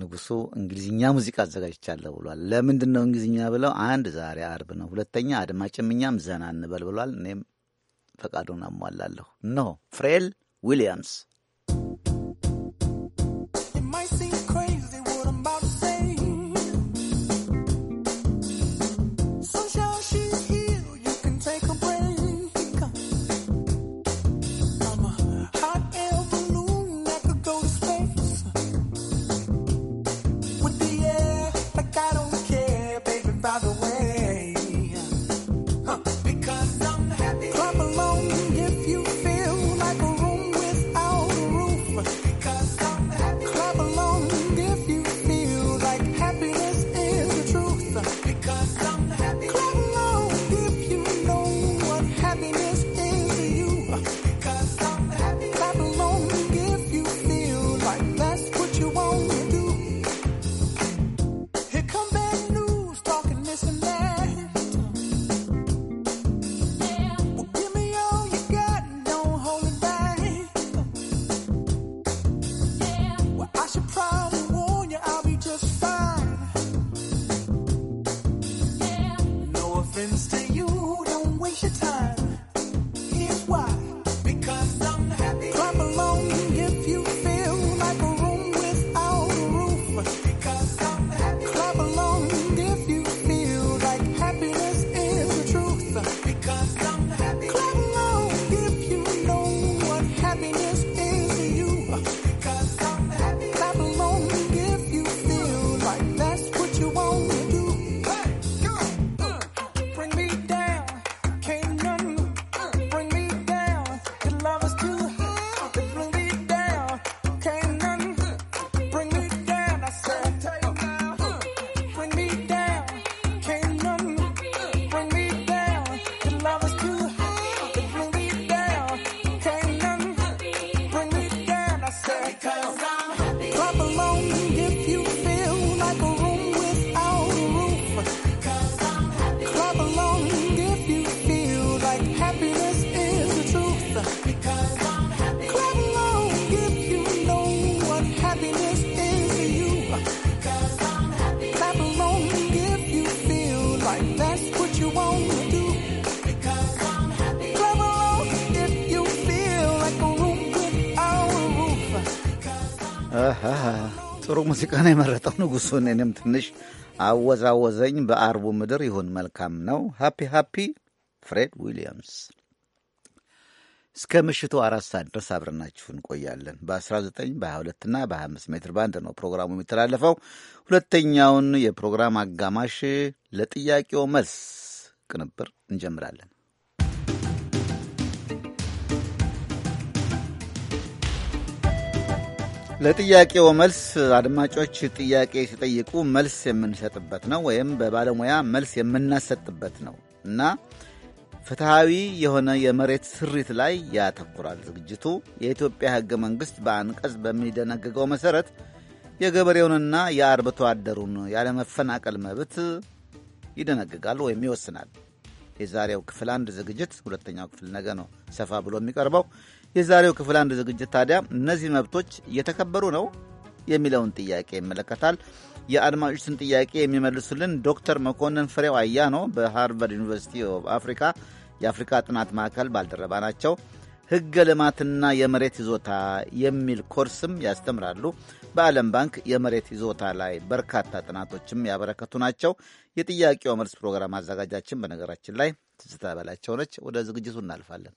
ንጉሱ እንግሊዝኛ ሙዚቃ አዘጋጅቻለሁ ብሏል። ለምንድን ነው እንግሊዝኛ ብለው? አንድ ዛሬ አርብ ነው፣ ሁለተኛ አድማጭም እኛም ዘና እንበል ብሏል። እኔም ፈቃዱን አሟላለሁ። እነሆ ፍሬል ዊሊያምስ ጥሩ ነው የመረጠው ንጉሱ። እኔም ትንሽ አወዛወዘኝ። በአርቡ ምድር ይሁን መልካም ነው። ሃፒ ሃፒ ፍሬድ ዊሊያምስ። እስከ ምሽቱ አራት ሰዓት ድረስ አብረናችሁ እንቆያለን። በ19 በ22ና በ25 ሜትር ባንድ ነው ፕሮግራሙ የሚተላለፈው። ሁለተኛውን የፕሮግራም አጋማሽ ለጥያቄው መልስ ቅንብር እንጀምራለን። ለጥያቄው መልስ አድማጮች ጥያቄ ሲጠይቁ መልስ የምንሰጥበት ነው ወይም በባለሙያ መልስ የምናሰጥበት ነው እና ፍትሐዊ የሆነ የመሬት ስሪት ላይ ያተኩራል ዝግጅቱ። የኢትዮጵያ ሕገ መንግሥት በአንቀጽ በሚደነግገው መሠረት የገበሬውንና የአርብቶ አደሩን ያለመፈናቀል መብት ይደነግጋል ወይም ይወስናል። የዛሬው ክፍል አንድ ዝግጅት፣ ሁለተኛው ክፍል ነገ ነው ሰፋ ብሎ የሚቀርበው። የዛሬው ክፍል አንድ ዝግጅት ታዲያ እነዚህ መብቶች እየተከበሩ ነው የሚለውን ጥያቄ ይመለከታል። የአድማጮችን ጥያቄ የሚመልሱልን ዶክተር መኮንን ፍሬው ነው በሃርቫርድ ዩኒቨርሲቲ ኦፍ አፍሪካ የአፍሪካ ጥናት ማዕከል ባልደረባ ናቸው። ህገ ልማትና የመሬት ይዞታ የሚል ኮርስም ያስተምራሉ። በዓለም ባንክ የመሬት ይዞታ ላይ በርካታ ጥናቶችም ያበረከቱ ናቸው። የጥያቄው መልስ ፕሮግራም አዘጋጃችን በነገራችን ላይ ትዝታ በላቸው ነች። ወደ ዝግጅቱ እናልፋለን።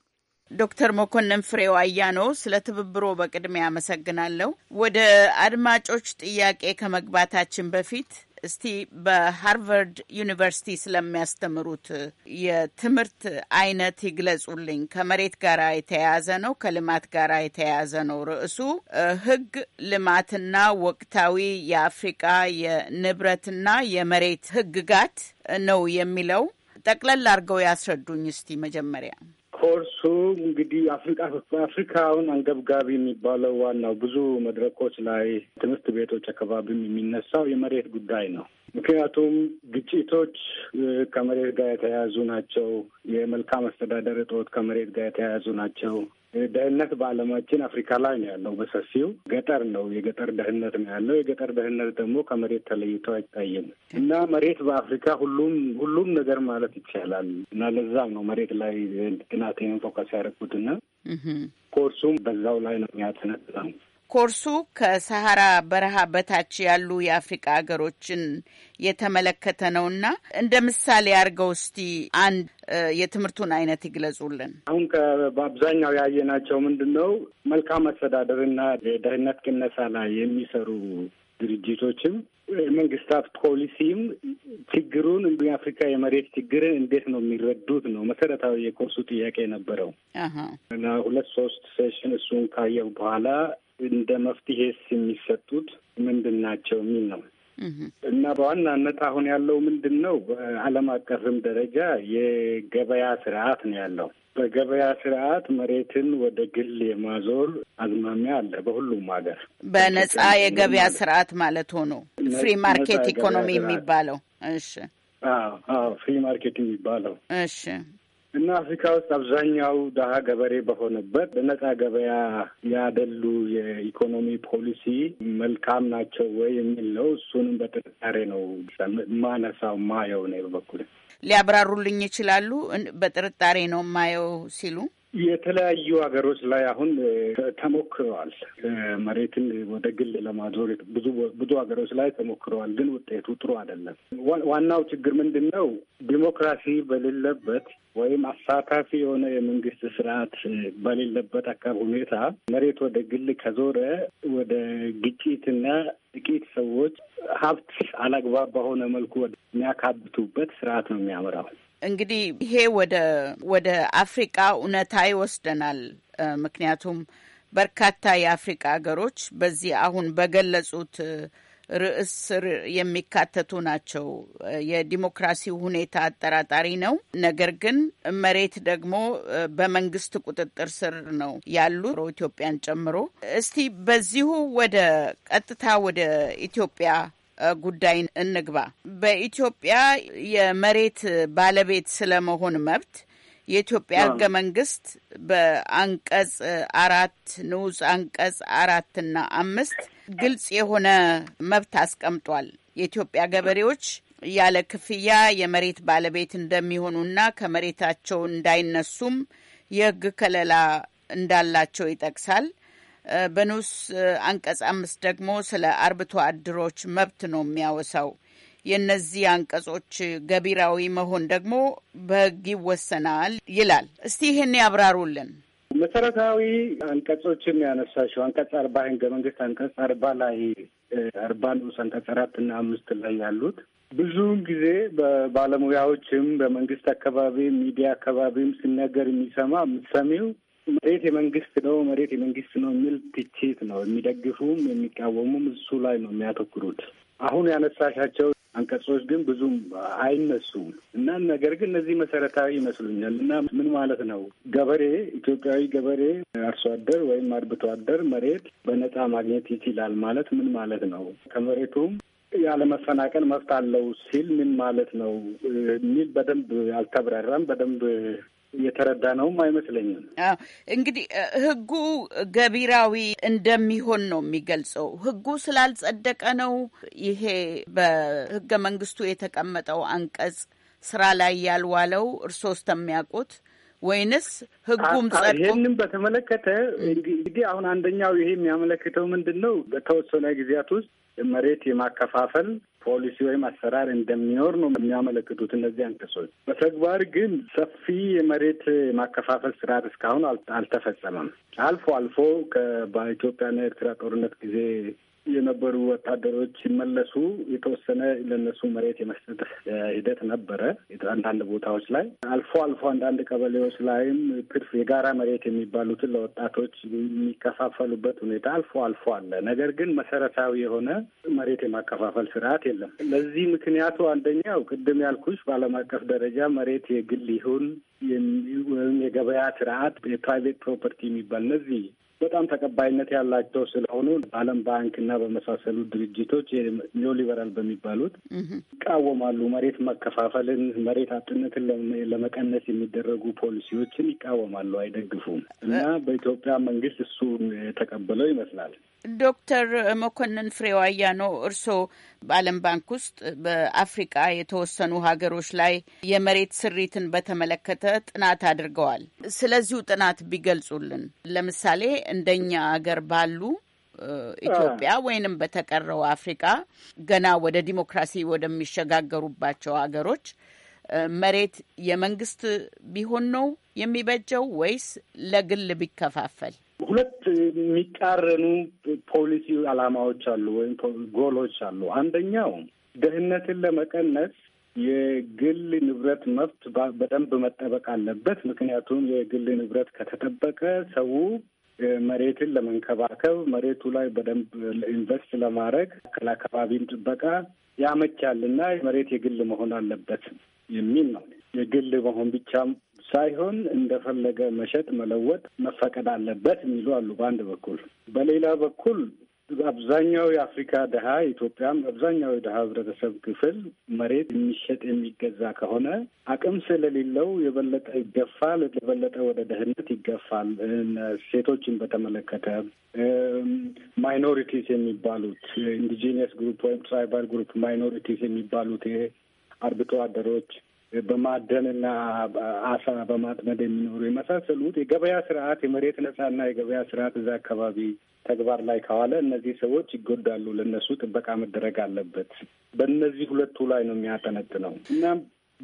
ዶክተር መኮንን ፍሬው አያኖ ስለ ትብብሮ በቅድሚያ አመሰግናለሁ። ወደ አድማጮች ጥያቄ ከመግባታችን በፊት እስቲ በሃርቨርድ ዩኒቨርሲቲ ስለሚያስተምሩት የትምህርት አይነት ይግለጹልኝ። ከመሬት ጋር የተያያዘ ነው፣ ከልማት ጋር የተያያዘ ነው። ርዕሱ ህግ ልማትና ወቅታዊ የአፍሪቃ የንብረትና የመሬት ህግጋት ነው የሚለው ጠቅለል አድርገው ያስረዱኝ እስቲ መጀመሪያ። ኮርሱ እንግዲህ አፍሪካውን አንገብጋቢ የሚባለው ዋናው ብዙ መድረኮች ላይ ትምህርት ቤቶች አካባቢም የሚነሳው የመሬት ጉዳይ ነው። ምክንያቱም ግጭቶች ከመሬት ጋር የተያያዙ ናቸው። የመልካም አስተዳደር እጦት ከመሬት ጋር የተያያዙ ናቸው። ደህንነት በዓለማችን አፍሪካ ላይ ነው ያለው በሰፊው ገጠር ነው የገጠር ደህንነት ነው ያለው። የገጠር ደህንነት ደግሞ ከመሬት ተለይቶ አይታይም እና መሬት በአፍሪካ ሁሉም ሁሉም ነገር ማለት ይቻላል እና ለዛም ነው መሬት ላይ ጥናቴን ፎከስ ያደረኩትና ኮርሱም በዛው ላይ ነው የሚያጠነጥነው። ኮርሱ ከሰሃራ በረሃ በታች ያሉ የአፍሪቃ ሀገሮችን የተመለከተ ነውና እንደ ምሳሌ አድርገው እስቲ አንድ የትምህርቱን አይነት ይግለጹልን። አሁን በአብዛኛው ያየናቸው ምንድን ነው መልካም አስተዳደርና የደህንነት ቅነሳ ላይ የሚሰሩ ድርጅቶችም የመንግስታት ፖሊሲም ችግሩን እንዲ የአፍሪካ የመሬት ችግርን እንዴት ነው የሚረዱት ነው መሰረታዊ የኮርሱ ጥያቄ ነበረው እና ሁለት ሶስት ሴሽን እሱን ካየው በኋላ እንደ መፍትሄስ የሚሰጡት ምንድን ናቸው የሚል ነው እና በዋናነት አሁን ያለው ምንድን ነው በዓለም አቀፍም ደረጃ የገበያ ስርዓት ነው ያለው። በገበያ ስርዓት መሬትን ወደ ግል የማዞር አዝማሚያ አለ በሁሉም ሀገር። በነጻ የገበያ ስርዓት ማለት ሆኖ ፍሪ ማርኬት ኢኮኖሚ የሚባለው። እሺ፣ ፍሪ ማርኬት የሚባለው እሺ እና አፍሪካ ውስጥ አብዛኛው ድሀ ገበሬ በሆነበት በነጻ ገበያ ያደሉ የኢኮኖሚ ፖሊሲ መልካም ናቸው ወይ የሚል ነው። እሱንም በጥርጣሬ ነው ማነሳው ማየው ነው በበኩል ሊያብራሩልኝ ይችላሉ። በጥርጣሬ ነው ማየው ሲሉ የተለያዩ ሀገሮች ላይ አሁን ተሞክረዋል። መሬትን ወደ ግል ለማዞር ብዙ ብዙ ሀገሮች ላይ ተሞክረዋል፣ ግን ውጤቱ ጥሩ አይደለም። ዋናው ችግር ምንድን ነው? ዲሞክራሲ በሌለበት ወይም አሳታፊ የሆነ የመንግስት ስርዓት በሌለበት አካባቢ ሁኔታ መሬት ወደ ግል ከዞረ ወደ ግጭትና ጥቂት ሰዎች ሀብት አላግባብ በሆነ መልኩ የሚያካብቱበት ስርዓት ነው የሚያመራው። እንግዲህ ይሄ ወደ ወደ አፍሪቃ እውነታ ይወስደናል። ምክንያቱም በርካታ የአፍሪቃ ሀገሮች በዚህ አሁን በገለጹት ርዕስ ስር የሚካተቱ ናቸው። የዲሞክራሲ ሁኔታ አጠራጣሪ ነው። ነገር ግን መሬት ደግሞ በመንግስት ቁጥጥር ስር ነው ያሉ ኢትዮጵያን ጨምሮ። እስቲ በዚሁ ወደ ቀጥታ ወደ ኢትዮጵያ ጉዳይ እንግባ። በኢትዮጵያ የመሬት ባለቤት ስለመሆን መብት የኢትዮጵያ ህገ መንግስት በአንቀጽ አራት ንዑስ አንቀጽ አራትና አምስት ግልጽ የሆነ መብት አስቀምጧል። የኢትዮጵያ ገበሬዎች ያለ ክፍያ የመሬት ባለቤት እንደሚሆኑና ከመሬታቸው እንዳይነሱም የህግ ከለላ እንዳላቸው ይጠቅሳል። በንዑስ አንቀጽ አምስት ደግሞ ስለ አርብቶ አደሮች መብት ነው የሚያወሳው። የእነዚህ አንቀጾች ገቢራዊ መሆን ደግሞ በሕግ ይወሰናል ይላል። እስቲ ይህን ያብራሩልን። መሰረታዊ አንቀጾችን ያነሳሽው አንቀጽ አርባ ህገ መንግስት አንቀጽ አርባ ላይ አርባ ንዑስ አንቀጽ አራትና አምስት ላይ ያሉት ብዙውን ጊዜ በባለሙያዎችም በመንግስት አካባቢ ሚዲያ አካባቢም ሲነገር የሚሰማ የምትሰሚው መሬት የመንግስት ነው መሬት የመንግስት ነው የሚል ትችት ነው የሚደግፉም የሚቃወሙም እሱ ላይ ነው የሚያተኩሩት። አሁን ያነሳሻቸው አንቀጾች ግን ብዙም አይነሱም እና ነገር ግን እነዚህ መሰረታዊ ይመስሉኛል። እና ምን ማለት ነው ገበሬ ኢትዮጵያዊ ገበሬ አርሶ አደር ወይም አርብቶ አደር መሬት በነጻ ማግኘት ይችላል ማለት ምን ማለት ነው? ከመሬቱም ያለመፈናቀል መብት አለው ሲል ምን ማለት ነው? የሚል በደንብ አልተብራራም። በደንብ እየተረዳ ነውም አይመስለኝም። እንግዲህ ህጉ ገቢራዊ እንደሚሆን ነው የሚገልጸው። ህጉ ስላልጸደቀ ነው ይሄ በህገ መንግስቱ የተቀመጠው አንቀጽ ስራ ላይ ያልዋለው እርስዎ እስከሚያውቁት ወይንስ ህጉም ጸድቆ ይህንም በተመለከተ እንግዲህ አሁን አንደኛው ይሄ የሚያመለክተው ምንድን ነው? በተወሰነ ጊዜያት ውስጥ መሬት የማከፋፈል ፖሊሲ ወይም አሰራር እንደሚኖር ነው የሚያመለክቱት እነዚህ አንቀሶች። በተግባር ግን ሰፊ የመሬት ማከፋፈል ስርዓት እስካሁን አልተፈጸመም። አልፎ አልፎ በኢትዮጵያና ኤርትራ ጦርነት ጊዜ የነበሩ ወታደሮች ሲመለሱ የተወሰነ ለነሱ መሬት የመስጠት ሂደት ነበረ። አንዳንድ ቦታዎች ላይ አልፎ አልፎ አንዳንድ ቀበሌዎች ላይም ትርፍ የጋራ መሬት የሚባሉትን ለወጣቶች የሚከፋፈሉበት ሁኔታ አልፎ አልፎ አለ። ነገር ግን መሰረታዊ የሆነ መሬት የማከፋፈል ስርዓት የለም። ለዚህ ምክንያቱ አንደኛው ቅድም ያልኩሽ በዓለም አቀፍ ደረጃ መሬት የግል ይሁን ወይም የገበያ ስርዓት የፕራይቬት ፕሮፐርቲ የሚባል እነዚህ በጣም ተቀባይነት ያላቸው ስለሆኑ በዓለም ባንክ እና በመሳሰሉ ድርጅቶች ኒዮሊበራል በሚባሉት ይቃወማሉ። መሬት መከፋፈልን፣ መሬት አጥነትን ለመቀነስ የሚደረጉ ፖሊሲዎችን ይቃወማሉ፣ አይደግፉም እና በኢትዮጵያ መንግስት እሱ የተቀበለው ይመስላል። ዶክተር መኮንን ፍሬው አያኖ እርስዎ በዓለም ባንክ ውስጥ በአፍሪቃ የተወሰኑ ሀገሮች ላይ የመሬት ስሪትን በተመለከተ ጥናት አድርገዋል። ስለዚሁ ጥናት ቢገልጹልን። ለምሳሌ እንደኛ ሀገር ባሉ ኢትዮጵያ ወይንም በተቀረው አፍሪቃ ገና ወደ ዲሞክራሲ ወደሚሸጋገሩባቸው ሀገሮች መሬት የመንግስት ቢሆን ነው የሚበጀው ወይስ ለግል ቢከፋፈል? ሁለት የሚቃረኑ ፖሊሲ አላማዎች አሉ ወይም ጎሎች አሉ። አንደኛው ደህንነትን ለመቀነስ የግል ንብረት መብት በደንብ መጠበቅ አለበት። ምክንያቱም የግል ንብረት ከተጠበቀ ሰው መሬትን ለመንከባከብ መሬቱ ላይ በደንብ ኢንቨስት ለማድረግ አካባቢን ጥበቃ ያመቻልና መሬት የግል መሆን አለበት የሚል ነው። የግል መሆን ብቻም ሳይሆን እንደፈለገ መሸጥ መለወጥ መፈቀድ አለበት የሚሉ አሉ በአንድ በኩል። በሌላ በኩል አብዛኛው የአፍሪካ ድሀ ኢትዮጵያም አብዛኛው የድሀ ህብረተሰብ ክፍል መሬት የሚሸጥ የሚገዛ ከሆነ አቅም ስለሌለው የበለጠ ይገፋል፣ የበለጠ ወደ ድህነት ይገፋል። ሴቶችን በተመለከተ ማይኖሪቲስ የሚባሉት ኢንዲጂኒየስ ግሩፕ ወይም ትራይባል ግሩፕ ማይኖሪቲስ የሚባሉት አርብቶ አደሮች በማደንና አሳ በማጥመድ የሚኖሩ የመሳሰሉት የገበያ ስርዓት የመሬት ነጻና የገበያ ስርዓት እዛ አካባቢ ተግባር ላይ ከዋለ እነዚህ ሰዎች ይጎዳሉ። ለነሱ ጥበቃ መደረግ አለበት። በእነዚህ ሁለቱ ላይ ነው የሚያጠነጥነው እና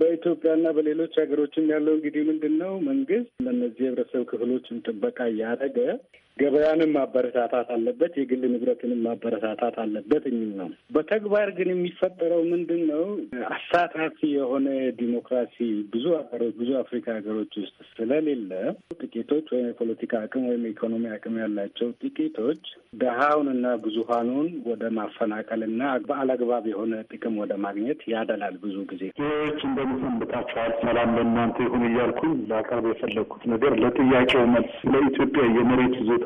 በኢትዮጵያና በሌሎች ሀገሮችም ያለው እንግዲህ ምንድን ነው መንግስት ለእነዚህ የህብረተሰብ ክፍሎችም ጥበቃ እያደረገ ገበያንም ማበረታታት አለበት፣ የግል ንብረትንም ማበረታታት አለበት የሚል ነው። በተግባር ግን የሚፈጠረው ምንድን ነው? አሳታፊ የሆነ ዲሞክራሲ ብዙ ሀገሮች ብዙ አፍሪካ ሀገሮች ውስጥ ስለሌለ ጥቂቶች ወይም የፖለቲካ አቅም ወይም የኢኮኖሚ አቅም ያላቸው ጥቂቶች ደሃውንና ብዙሀኑን ወደ ማፈናቀልና በአላግባብ የሆነ ጥቅም ወደ ማግኘት ያደላል። ብዙ ጊዜ ዎች እንደምሰንብታችኋል። ሰላም ለእናንተ ይሁን እያልኩኝ ለአቅርብ የፈለግኩት ነገር ለጥያቄው መልስ ለኢትዮጵያ የመሬት ይዞታ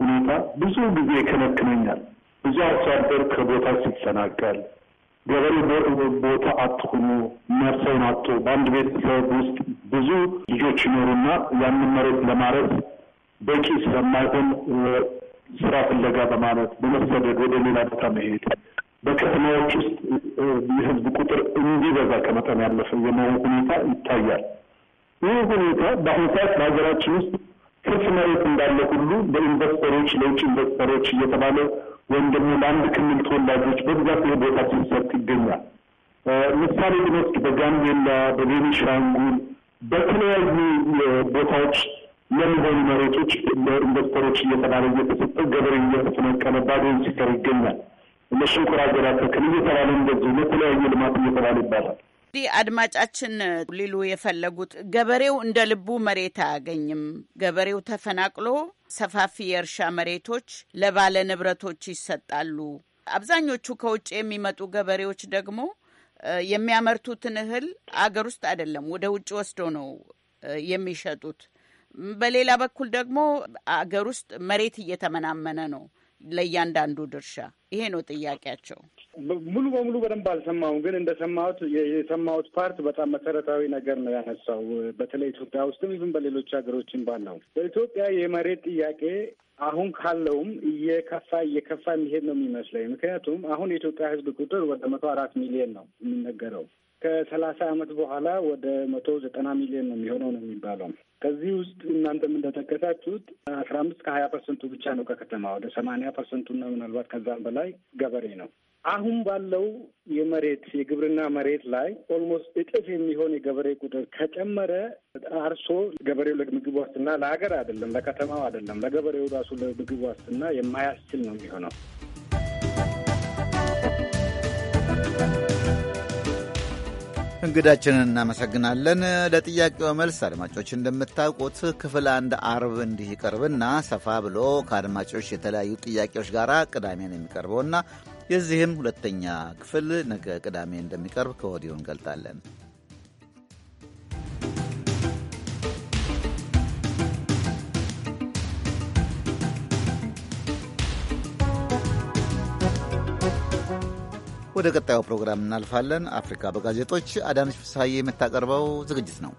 ሁኔታ ብዙ ጊዜ ይከነክነኛል። ብዙ አርሶ አደር ከቦታ ሲፈናቀል፣ ገበሬ ቦታ አትሆኑ መርሰውን ነፍሰውን በአንድ ቤተሰብ ውስጥ ብዙ ልጆች ይኖሩና ያንን መሬት ለማረስ በቂ ስለማይሆን ስራ ፍለጋ በማለት በመሰደድ ወደ ሌላ ቦታ መሄድ በከተማዎች ውስጥ የህዝብ ቁጥር እንዲበዛ ከመጠን ያለፈ የመሆን ሁኔታ ይታያል። ይህ ሁኔታ በአሁኑ ሰዓት በሀገራችን ውስጥ ትርፍ መሬት እንዳለ ሁሉ ለኢንቨስተሮች ለውጭ ኢንቨስተሮች እየተባለ ወይም ደግሞ ለአንድ ክልል ተወላጆች በብዛት ይህ ቦታ ሲሰጥ ይገኛል። ምሳሌ ብንወስድ በጋምቤላ፣ በቤኒሻንጉል በተለያዩ ቦታዎች ለሚሆኑ መሬቶች ለኢንቨስተሮች እየተባለ እየተሰጠ ገበሬ እየተፈናቀለ ባዶን ሲቀር ይገኛል። ለሸንኮራ ገዳ ተክል እየተባለ እንደዚህ ለተለያዩ ልማት እየተባለ ይባላል። እንግዲህ አድማጫችን ሊሉ የፈለጉት ገበሬው እንደ ልቡ መሬት አያገኝም። ገበሬው ተፈናቅሎ ሰፋፊ የእርሻ መሬቶች ለባለ ንብረቶች ይሰጣሉ። አብዛኞቹ ከውጭ የሚመጡ ገበሬዎች ደግሞ የሚያመርቱትን እህል አገር ውስጥ አይደለም ወደ ውጭ ወስዶ ነው የሚሸጡት። በሌላ በኩል ደግሞ አገር ውስጥ መሬት እየተመናመነ ነው ለእያንዳንዱ ድርሻ። ይሄ ነው ጥያቄያቸው። ሙሉ በሙሉ በደንብ አልሰማሁም፣ ግን እንደሰማሁት የሰማሁት ፓርት በጣም መሰረታዊ ነገር ነው ያነሳው። በተለይ ኢትዮጵያ ውስጥም ይሁን በሌሎች ሀገሮችም ባለው በኢትዮጵያ የመሬት ጥያቄ አሁን ካለውም እየከፋ እየከፋ የሚሄድ ነው የሚመስለኝ። ምክንያቱም አሁን የኢትዮጵያ ሕዝብ ቁጥር ወደ መቶ አራት ሚሊዮን ነው የሚነገረው ከሰላሳ ዓመት በኋላ ወደ መቶ ዘጠና ሚሊዮን ነው የሚሆነው ነው የሚባለው። ከዚህ ውስጥ እናንተም እንደጠቀሳችሁት አስራ አምስት ከሀያ ፐርሰንቱ ብቻ ነው ከከተማ ወደ ሰማንያ ፐርሰንቱ ምናልባት ከዛም በላይ ገበሬ ነው። አሁን ባለው የመሬት የግብርና መሬት ላይ ኦልሞስት እጥፍ የሚሆን የገበሬ ቁጥር ከጨመረ አርሶ ገበሬው ለምግብ ዋስትና ለሀገር አይደለም፣ ለከተማው አይደለም፣ ለገበሬው ራሱ ለምግብ ዋስትና የማያስችል ነው የሚሆነው። እንግዳችንን እናመሰግናለን። ለጥያቄው መልስ አድማጮች እንደምታውቁት ክፍል አንድ አርብ እንዲህ ይቀርብና ሰፋ ብሎ ከአድማጮች የተለያዩ ጥያቄዎች ጋር ቅዳሜ ነው የሚቀርበውና የዚህም ሁለተኛ ክፍል ነገ ቅዳሜ እንደሚቀርብ ከወዲሁ እንገልጣለን። ወደ ቀጣዩ ፕሮግራም እናልፋለን። አፍሪካ በጋዜጦች አዳነች ፍስሐዬ የምታቀርበው ዝግጅት ነው።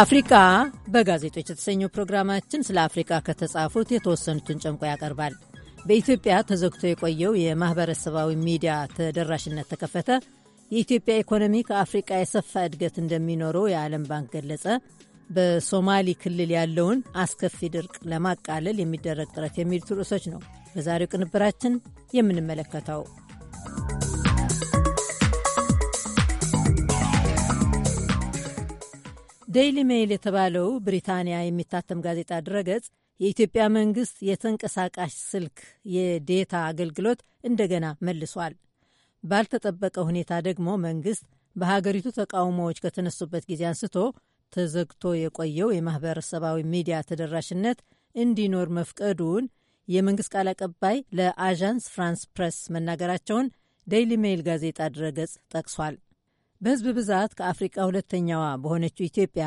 አፍሪካ በጋዜጦች የተሰኘው ፕሮግራማችን ስለ አፍሪካ ከተጻፉት የተወሰኑትን ጨምቆ ያቀርባል። በኢትዮጵያ ተዘግቶ የቆየው የማኅበረሰባዊ ሚዲያ ተደራሽነት ተከፈተ፣ የኢትዮጵያ ኢኮኖሚ ከአፍሪቃ የሰፋ እድገት እንደሚኖረው የዓለም ባንክ ገለጸ፣ በሶማሊ ክልል ያለውን አስከፊ ድርቅ ለማቃለል የሚደረግ ጥረት የሚሉት ርዕሶች ነው በዛሬው ቅንብራችን የምንመለከተው። ዴይሊ ሜይል የተባለው ብሪታንያ የሚታተም ጋዜጣ ድረገጽ የኢትዮጵያ መንግስት የተንቀሳቃሽ ስልክ የዴታ አገልግሎት እንደገና መልሷል። ባልተጠበቀ ሁኔታ ደግሞ መንግስት በሀገሪቱ ተቃውሞዎች ከተነሱበት ጊዜ አንስቶ ተዘግቶ የቆየው የማህበረሰባዊ ሚዲያ ተደራሽነት እንዲኖር መፍቀዱን የመንግስት ቃል አቀባይ ለአዣንስ ፍራንስ ፕሬስ መናገራቸውን ዴይሊ ሜይል ጋዜጣ ድረገጽ ጠቅሷል። በህዝብ ብዛት ከአፍሪቃ ሁለተኛዋ በሆነችው ኢትዮጵያ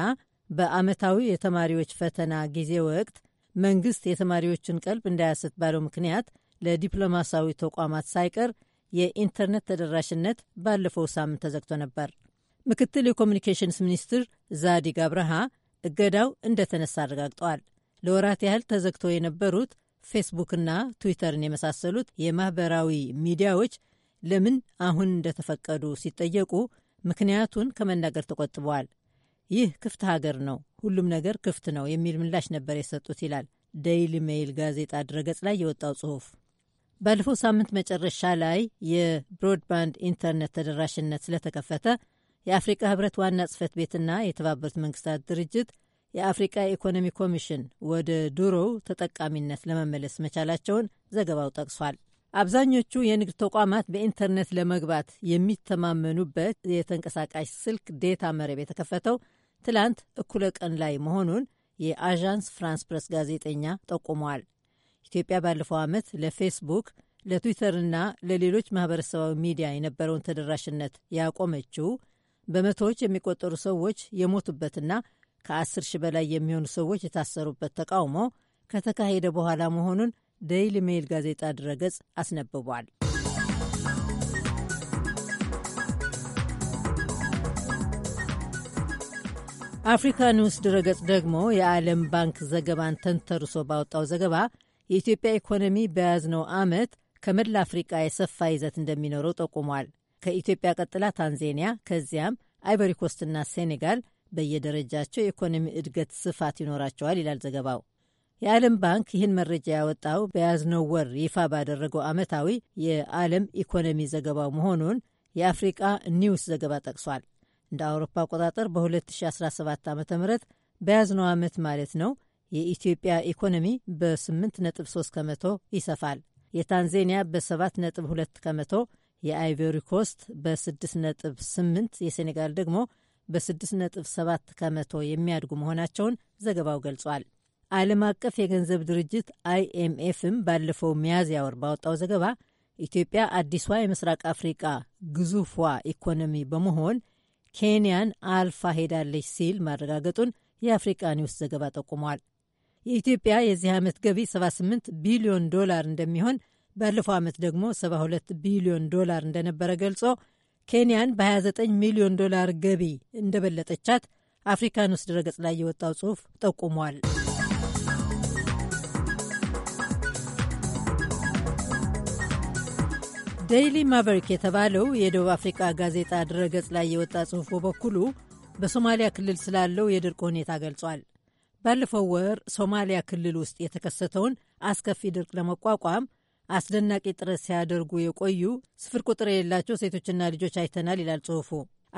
በአመታዊ የተማሪዎች ፈተና ጊዜ ወቅት መንግስት የተማሪዎችን ቀልብ እንዳያስት ባለው ምክንያት ለዲፕሎማሲያዊ ተቋማት ሳይቀር የኢንተርኔት ተደራሽነት ባለፈው ሳምንት ተዘግቶ ነበር። ምክትል የኮሚኒኬሽንስ ሚኒስትር ዛዲግ አብርሃ እገዳው እንደተነሳ አረጋግጠዋል። ለወራት ያህል ተዘግተው የነበሩት ፌስቡክና ትዊተርን የመሳሰሉት የማህበራዊ ሚዲያዎች ለምን አሁን እንደተፈቀዱ ሲጠየቁ ምክንያቱን ከመናገር ተቆጥበዋል። ይህ ክፍት ሀገር ነው፣ ሁሉም ነገር ክፍት ነው የሚል ምላሽ ነበር የሰጡት ይላል ዴይሊ ሜይል ጋዜጣ ድረገጽ ላይ የወጣው ጽሑፍ። ባለፈው ሳምንት መጨረሻ ላይ የብሮድባንድ ኢንተርኔት ተደራሽነት ስለተከፈተ የአፍሪቃ ህብረት ዋና ጽህፈት ቤትና የተባበሩት መንግስታት ድርጅት የአፍሪቃ ኢኮኖሚ ኮሚሽን ወደ ድሮው ተጠቃሚነት ለመመለስ መቻላቸውን ዘገባው ጠቅሷል። አብዛኞቹ የንግድ ተቋማት በኢንተርኔት ለመግባት የሚተማመኑበት የተንቀሳቃሽ ስልክ ዴታ መረብ የተከፈተው ትላንት እኩለ ቀን ላይ መሆኑን የአዣንስ ፍራንስ ፕረስ ጋዜጠኛ ጠቁመዋል። ኢትዮጵያ ባለፈው ዓመት ለፌስቡክ ለትዊተርና ለሌሎች ማህበረሰባዊ ሚዲያ የነበረውን ተደራሽነት ያቆመችው በመቶዎች የሚቆጠሩ ሰዎች የሞቱበትና ከአስር ሺህ በላይ የሚሆኑ ሰዎች የታሰሩበት ተቃውሞ ከተካሄደ በኋላ መሆኑን ዴይሊ ሜይል ጋዜጣ ድረገጽ አስነብቧል። አፍሪካ ኒውስ ድረገጽ ደግሞ የዓለም ባንክ ዘገባን ተንተርሶ ባወጣው ዘገባ የኢትዮጵያ ኢኮኖሚ በያዝነው ዓመት ከመላ አፍሪቃ የሰፋ ይዘት እንደሚኖረው ጠቁሟል። ከኢትዮጵያ ቀጥላ ታንዜኒያ ከዚያም አይቨሪኮስትና ሴኔጋል በየደረጃቸው የኢኮኖሚ እድገት ስፋት ይኖራቸዋል ይላል ዘገባው። የዓለም ባንክ ይህን መረጃ ያወጣው በያዝነው ወር ይፋ ባደረገው ዓመታዊ የዓለም ኢኮኖሚ ዘገባው መሆኑን የአፍሪቃ ኒውስ ዘገባ ጠቅሷል። እንደ አውሮፓ አቆጣጠር በ2017 ዓ ም በያዝነው ዓመት ማለት ነው የኢትዮጵያ ኢኮኖሚ በ8.3 ከመቶ ይሰፋል። የታንዜኒያ በ7.2 ከመቶ፣ የአይቨሪ ኮስት በ6.8፣ የሴኔጋል ደግሞ በ6.7 ከመቶ የሚያድጉ መሆናቸውን ዘገባው ገልጿል። ዓለም አቀፍ የገንዘብ ድርጅት አይኤምኤፍም ባለፈው ሚያዝያ ወር ባወጣው ዘገባ ኢትዮጵያ አዲሷ የምስራቅ አፍሪቃ ግዙፏ ኢኮኖሚ በመሆን ኬንያን አልፋ ሄዳለች ሲል ማረጋገጡን የአፍሪቃ ኒውስ ዘገባ ጠቁሟል። የኢትዮጵያ የዚህ ዓመት ገቢ 78 ቢሊዮን ዶላር እንደሚሆን ባለፈው ዓመት ደግሞ 72 ቢሊዮን ዶላር እንደነበረ ገልጾ ኬንያን በ29 ሚሊዮን ዶላር ገቢ እንደበለጠቻት አፍሪካን ውስጥ ድረገጽ ላይ የወጣው ጽሑፍ ጠቁሟል። ዴይሊ ማቨሪክ የተባለው የደቡብ አፍሪቃ ጋዜጣ ድረገጽ ላይ የወጣ ጽሑፍ በበኩሉ በሶማሊያ ክልል ስላለው የድርቅ ሁኔታ ገልጿል። ባለፈው ወር ሶማሊያ ክልል ውስጥ የተከሰተውን አስከፊ ድርቅ ለመቋቋም አስደናቂ ጥረት ሲያደርጉ የቆዩ ስፍር ቁጥር የሌላቸው ሴቶችና ልጆች አይተናል ይላል ጽሑፉ።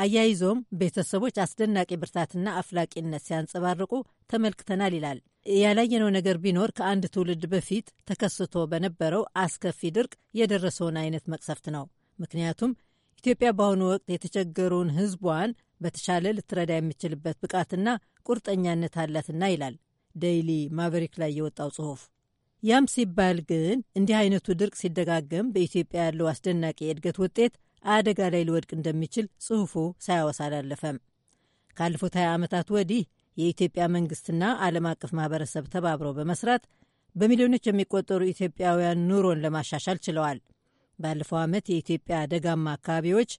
አያይዞም ቤተሰቦች አስደናቂ ብርታትና አፍላቂነት ሲያንጸባርቁ ተመልክተናል ይላል። ያላየነው ነገር ቢኖር ከአንድ ትውልድ በፊት ተከስቶ በነበረው አስከፊ ድርቅ የደረሰውን አይነት መቅሰፍት ነው። ምክንያቱም ኢትዮጵያ በአሁኑ ወቅት የተቸገረውን ሕዝቧን በተሻለ ልትረዳ የሚችልበት ብቃትና ቁርጠኛነት አላትና ይላል ዴይሊ ማቨሪክ ላይ የወጣው ጽሑፍ። ያም ሲባል ግን እንዲህ አይነቱ ድርቅ ሲደጋገም በኢትዮጵያ ያለው አስደናቂ የእድገት ውጤት አደጋ ላይ ሊወድቅ እንደሚችል ጽሑፉ ሳያወሳ አላለፈም። ካለፉት 20 ዓመታት ወዲህ የኢትዮጵያ መንግስትና ዓለም አቀፍ ማህበረሰብ ተባብረው በመስራት በሚሊዮኖች የሚቆጠሩ ኢትዮጵያውያን ኑሮን ለማሻሻል ችለዋል። ባለፈው ዓመት የኢትዮጵያ ደጋማ አካባቢዎች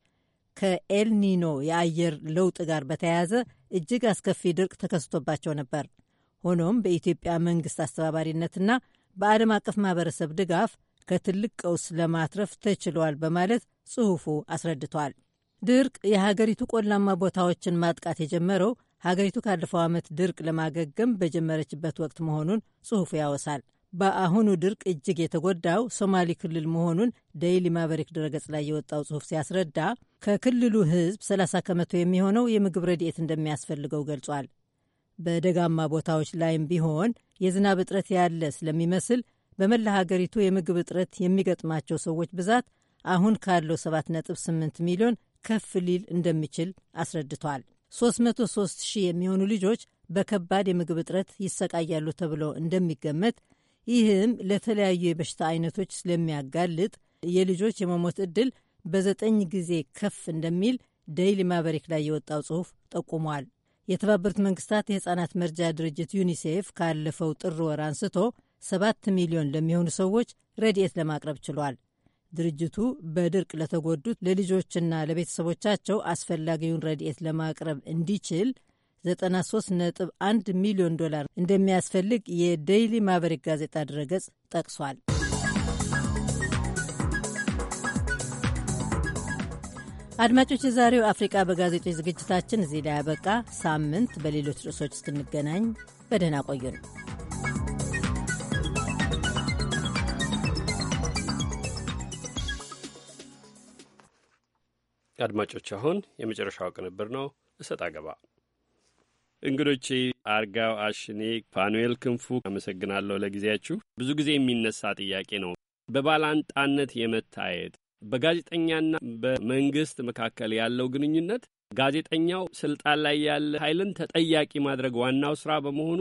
ከኤልኒኖ የአየር ለውጥ ጋር በተያያዘ እጅግ አስከፊ ድርቅ ተከስቶባቸው ነበር። ሆኖም በኢትዮጵያ መንግስት አስተባባሪነትና በዓለም አቀፍ ማህበረሰብ ድጋፍ ከትልቅ ቀውስ ለማትረፍ ተችሏል በማለት ጽሑፉ አስረድቷል። ድርቅ የሀገሪቱ ቆላማ ቦታዎችን ማጥቃት የጀመረው ሀገሪቱ ካለፈው ዓመት ድርቅ ለማገገም በጀመረችበት ወቅት መሆኑን ጽሑፉ ያወሳል። በአሁኑ ድርቅ እጅግ የተጎዳው ሶማሌ ክልል መሆኑን ደይሊ ማበሪክ ድረገጽ ላይ የወጣው ጽሑፍ ሲያስረዳ ከክልሉ ሕዝብ 30 ከመቶ የሚሆነው የምግብ ረድኤት እንደሚያስፈልገው ገልጿል። በደጋማ ቦታዎች ላይም ቢሆን የዝናብ እጥረት ያለ ስለሚመስል በመላ ሀገሪቱ የምግብ እጥረት የሚገጥማቸው ሰዎች ብዛት አሁን ካለው 7.8 ሚሊዮን ከፍ ሊል እንደሚችል አስረድቷል። 303 ሺህ የሚሆኑ ልጆች በከባድ የምግብ እጥረት ይሰቃያሉ ተብሎ እንደሚገመት፣ ይህም ለተለያዩ የበሽታ አይነቶች ስለሚያጋልጥ የልጆች የመሞት ዕድል በዘጠኝ ጊዜ ከፍ እንደሚል ደይሊ ማበሪክ ላይ የወጣው ጽሑፍ ጠቁሟል። የተባበሩት መንግስታት የሕፃናት መርጃ ድርጅት ዩኒሴፍ ካለፈው ጥር ወር አንስቶ 7 ሚሊዮን ለሚሆኑ ሰዎች ረድኤት ለማቅረብ ችሏል። ድርጅቱ በድርቅ ለተጎዱት ለልጆችና ለቤተሰቦቻቸው አስፈላጊውን ረድኤት ለማቅረብ እንዲችል 93.1 ሚሊዮን ዶላር እንደሚያስፈልግ የዴይሊ ማበሪክ ጋዜጣ ድረገጽ ጠቅሷል። አድማጮች፣ የዛሬው አፍሪቃ በጋዜጦች ዝግጅታችን እዚህ ላይ ያበቃ። ሳምንት በሌሎች ርዕሶች እስክንገናኝ በደህና ቆዩን። አድማጮች፣ አሁን የመጨረሻው ቅንብር ነው። እሰጥ አገባ እንግዶቼ አርጋው አሽኔ፣ ፋኑኤል ክንፉ አመሰግናለሁ ለጊዜያችሁ። ብዙ ጊዜ የሚነሳ ጥያቄ ነው በባላንጣነት የመታየት በጋዜጠኛና በመንግስት መካከል ያለው ግንኙነት ጋዜጠኛው ስልጣን ላይ ያለ ኃይልን ተጠያቂ ማድረግ ዋናው ስራ በመሆኑ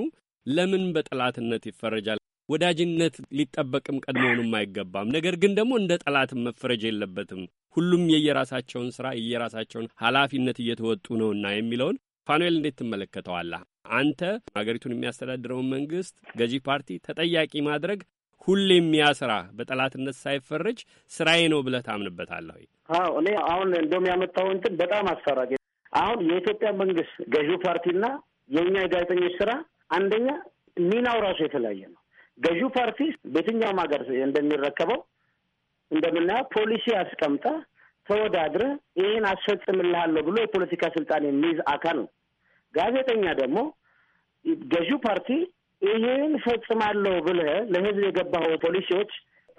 ለምን በጠላትነት ይፈረጃል? ወዳጅነት ሊጠበቅም ቀድሞውንም አይገባም። ነገር ግን ደግሞ እንደ ጠላትም መፈረጅ የለበትም። ሁሉም የየራሳቸውን ስራ የየራሳቸውን ኃላፊነት እየተወጡ ነውና የሚለውን ፋኑኤል እንዴት ትመለከተዋለህ? አንተ ሀገሪቱን የሚያስተዳድረውን መንግስት ገዢ ፓርቲ ተጠያቂ ማድረግ ሁሌ የሚያስራ በጠላትነት ሳይፈረጅ ስራዬ ነው ብለህ ታምንበታለህ? አዎ እኔ አሁን እንደውም ያመጣው እንትን በጣም አስፈራጊ አሁን የኢትዮጵያ መንግስት ገዢው ፓርቲና የእኛ የጋዜጠኞች ስራ አንደኛ ሚናው ራሱ የተለያየ ነው። ገዢው ፓርቲ በየትኛውም ሀገር እንደሚረከበው እንደምናየው ፖሊሲ አስቀምጠ ተወዳድረ ይህን አስፈጽምልሃለሁ ብሎ የፖለቲካ ስልጣን የሚይዝ አካል ነው። ጋዜጠኛ ደግሞ ገዢው ፓርቲ ይህን ፈጽማለሁ ብለህ ለህዝብ የገባኸው ፖሊሲዎች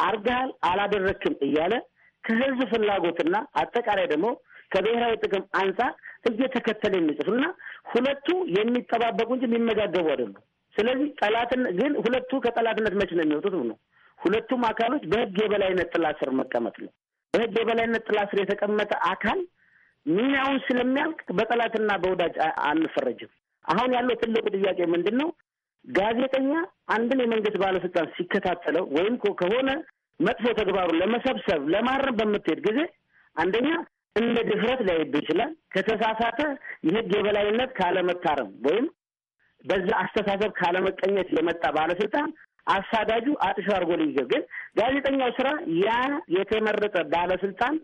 አርጋል አላደረክም እያለ ከህዝብ ፍላጎትና አጠቃላይ ደግሞ ከብሔራዊ ጥቅም አንጻር እየተከተለ የሚጽፍ እና ሁለቱ የሚጠባበቁ እንጂ የሚመጋገቡ አይደሉም። ስለዚህ ጠላትን ግን ሁለቱ ከጠላትነት መች ነው የሚወጡት ነው ሁለቱም አካሎች በህግ የበላይነት ጥላ ስር መቀመጥ ነው። በህግ የበላይነት ጥላ ስር የተቀመጠ አካል ሚናውን ስለሚያልቅ በጠላትና በወዳጅ አንፈረጅም። አሁን ያለው ትልቁ ጥያቄ ምንድን ነው? ጋዜጠኛ አንድን የመንግስት ባለስልጣን ሲከታተለው ወይም ከሆነ መጥፎ ተግባሩ ለመሰብሰብ ለማረም በምትሄድ ጊዜ አንደኛ እንደ ድፍረት ሊያይብህ ይችላል። ከተሳሳተ የህግ የበላይነት ካለመታረም ወይም በዛ አስተሳሰብ ካለመቀኘት የመጣ ባለስልጣን አሳዳጁ አጥሾ አድርጎ ሊይዘው። ግን ጋዜጠኛው ስራ ያ የተመረጠ ባለስልጣን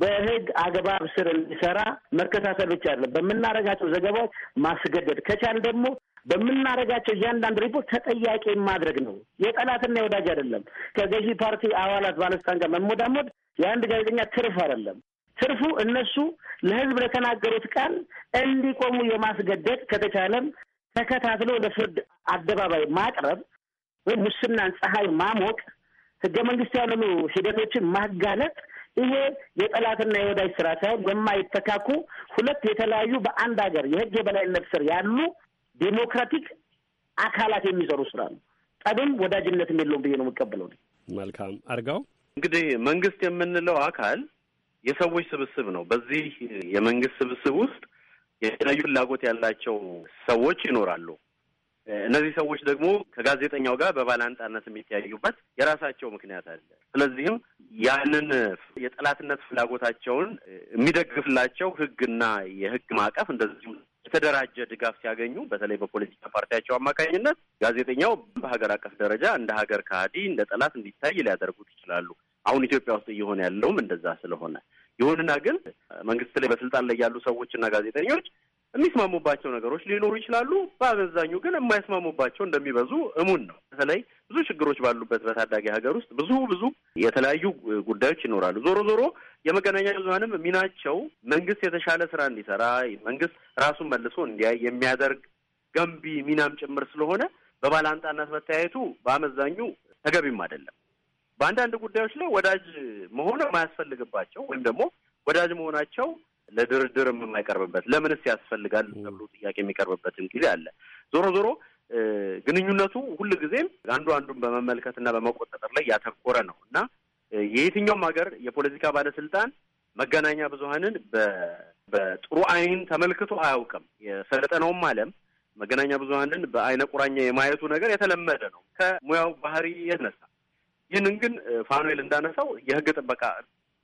በህግ አግባብ ስር እንዲሰራ መከታተል ብቻ አለ። በምናረጋቸው ዘገባዎች ማስገደድ ከቻል ደግሞ በምናረጋቸው እያንዳንድ ሪፖርት ተጠያቂ ማድረግ ነው። የጠላትና የወዳጅ አይደለም። ከገዢ ፓርቲ አባላት ባለስልጣን ጋር መሞዳሞድ የአንድ ጋዜጠኛ ትርፍ አይደለም። ትርፉ እነሱ ለህዝብ ለተናገሩት ቃል እንዲቆሙ የማስገደድ ከተቻለም ተከታትሎ ለፍርድ አደባባይ ማቅረብ ወይም ሙስናን ፀሐይ ማሞቅ፣ ህገ መንግስት ያሉ ሂደቶችን ማጋለጥ ይሄ የጠላትና የወዳጅ ስራ ሳይሆን የማይተካኩ ሁለት የተለያዩ በአንድ ሀገር የህግ የበላይነት ስር ያሉ ዴሞክራቲክ አካላት የሚሰሩ ስራ ነው። ጠብም ወዳጅነት የለውም ብዬ ነው የምቀበለው። መልካም አርጋው። እንግዲህ መንግስት የምንለው አካል የሰዎች ስብስብ ነው። በዚህ የመንግስት ስብስብ ውስጥ የተለያዩ ፍላጎት ያላቸው ሰዎች ይኖራሉ። እነዚህ ሰዎች ደግሞ ከጋዜጠኛው ጋር በባላንጣነት የሚተያዩበት የራሳቸው ምክንያት አለ። ስለዚህም ያንን የጠላትነት ፍላጎታቸውን የሚደግፍላቸው ሕግና የሕግ ማዕቀፍ እንደዚሁም የተደራጀ ድጋፍ ሲያገኙ በተለይ በፖለቲካ ፓርቲያቸው አማካኝነት ጋዜጠኛው በሀገር አቀፍ ደረጃ እንደ ሀገር ከሃዲ፣ እንደ ጠላት እንዲታይ ሊያደርጉት ይችላሉ። አሁን ኢትዮጵያ ውስጥ እየሆነ ያለውም እንደዛ ስለሆነ ይሁንና ግን መንግስት ላይ በስልጣን ላይ ያሉ ሰዎችና ጋዜጠኞች የሚስማሙባቸው ነገሮች ሊኖሩ ይችላሉ። በአመዛኙ ግን የማይስማሙባቸው እንደሚበዙ እሙን ነው። በተለይ ብዙ ችግሮች ባሉበት በታዳጊ ሀገር ውስጥ ብዙ ብዙ የተለያዩ ጉዳዮች ይኖራሉ። ዞሮ ዞሮ የመገናኛ ብዙሀንም ሚናቸው መንግስት የተሻለ ስራ እንዲሰራ መንግስት ራሱን መልሶ እንዲያይ የሚያደርግ ገንቢ ሚናም ጭምር ስለሆነ በባላንጣነት መተያየቱ በአመዛኙ ተገቢም አይደለም። በአንዳንድ ጉዳዮች ላይ ወዳጅ መሆን የማያስፈልግባቸው ወይም ደግሞ ወዳጅ መሆናቸው ለድርድር የማይቀርብበት ለምንስ ያስፈልጋል ተብሎ ጥያቄ የሚቀርብበትም ጊዜ አለ። ዞሮ ዞሮ ግንኙነቱ ጊዜም አንዱ አንዱን በመመልከትና በመቆጣጠር ላይ ያተኮረ ነው እና የየትኛውም ሀገር የፖለቲካ ባለስልጣን መገናኛ ብዙሀንን በጥሩ አይን ተመልክቶ አያውቅም። የሰለጠነውም ዓለም መገናኛ ብዙሀንን በአይነ ቁራኛ የማየቱ ነገር የተለመደ ነው ከሙያው ባህሪ የተነሳ። ይህንን ግን ፋኑኤል እንዳነሳው የህግ ጥበቃ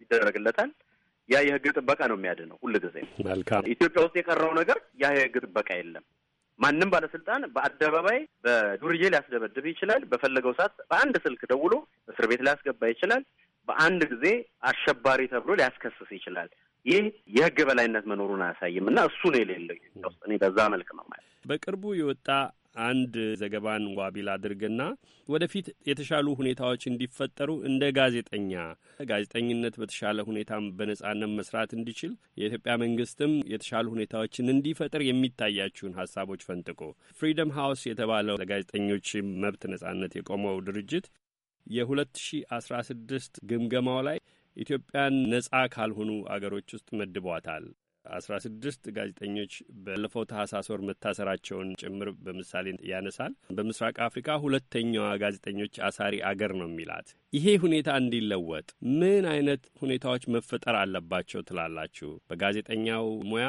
ይደረግለታል። ያ የህግ ጥበቃ ነው የሚያድነው ጊዜ። መልካም ኢትዮጵያ ውስጥ የቀረው ነገር ያ የህግ ጥበቃ የለም። ማንም ባለስልጣን በአደባባይ በዱርዬ ሊያስደበድብ ይችላል። በፈለገው ሰዓት በአንድ ስልክ ደውሎ እስር ቤት ሊያስገባ ይችላል። በአንድ ጊዜ አሸባሪ ተብሎ ሊያስከስስ ይችላል። ይህ የህግ በላይነት መኖሩን አያሳይም እና እሱ ነው የሌለው ኢትዮጵያ ውስጥ። እኔ በዛ መልክ ነው ማለት በቅርቡ የወጣ አንድ ዘገባን ዋቢ ላድርግና ወደፊት የተሻሉ ሁኔታዎች እንዲፈጠሩ እንደ ጋዜጠኛ ጋዜጠኝነት በተሻለ ሁኔታም በነጻነት መስራት እንዲችል የኢትዮጵያ መንግስትም የተሻሉ ሁኔታዎችን እንዲፈጥር የሚታያችሁን ሀሳቦች ፈንጥቆ ፍሪደም ሃውስ የተባለው ለጋዜጠኞች መብት ነጻነት የቆመው ድርጅት የ2016 ግምገማው ላይ ኢትዮጵያን ነጻ ካልሆኑ አገሮች ውስጥ መድቧታል። አስራ ስድስት ጋዜጠኞች ባለፈው ታህሳስ ወር መታሰራቸውን ጭምር በምሳሌ ያነሳል። በምስራቅ አፍሪካ ሁለተኛዋ ጋዜጠኞች አሳሪ አገር ነው የሚላት። ይሄ ሁኔታ እንዲለወጥ ምን አይነት ሁኔታዎች መፈጠር አለባቸው ትላላችሁ? በጋዜጠኛው ሙያ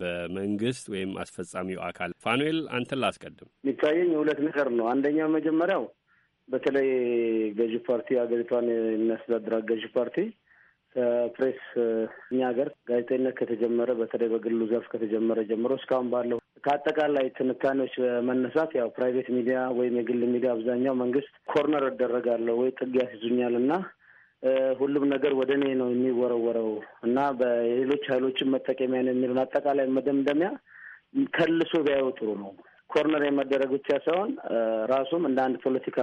በመንግስት ወይም አስፈጻሚው አካል ፋኑኤል፣ አንተን ላስቀድም። የሚታየኝ ሁለት ነገር ነው። አንደኛው መጀመሪያው በተለይ ገዢ ፓርቲ ሀገሪቷን የሚያስተዳድራት ገዢ ፓርቲ ከፕሬስ እኛ ሀገር ጋዜጠኝነት ከተጀመረ በተለይ በግሉ ዘርፍ ከተጀመረ ጀምሮ እስካሁን ባለው ከአጠቃላይ ትንታኔዎች መነሳት ያው ፕራይቬት ሚዲያ ወይም የግል ሚዲያ አብዛኛው መንግስት ኮርነር እደረጋለሁ ወይ ጥግ ያስይዙኛል እና ሁሉም ነገር ወደ እኔ ነው የሚወረወረው እና በሌሎች ኃይሎችን መጠቀሚያ ነው የሚለውን አጠቃላይ መደምደሚያ ከልሶ ቢያየው ጥሩ ነው። ኮርነር የመደረግ ብቻ ሳይሆን ራሱም እንደ አንድ ፖለቲካ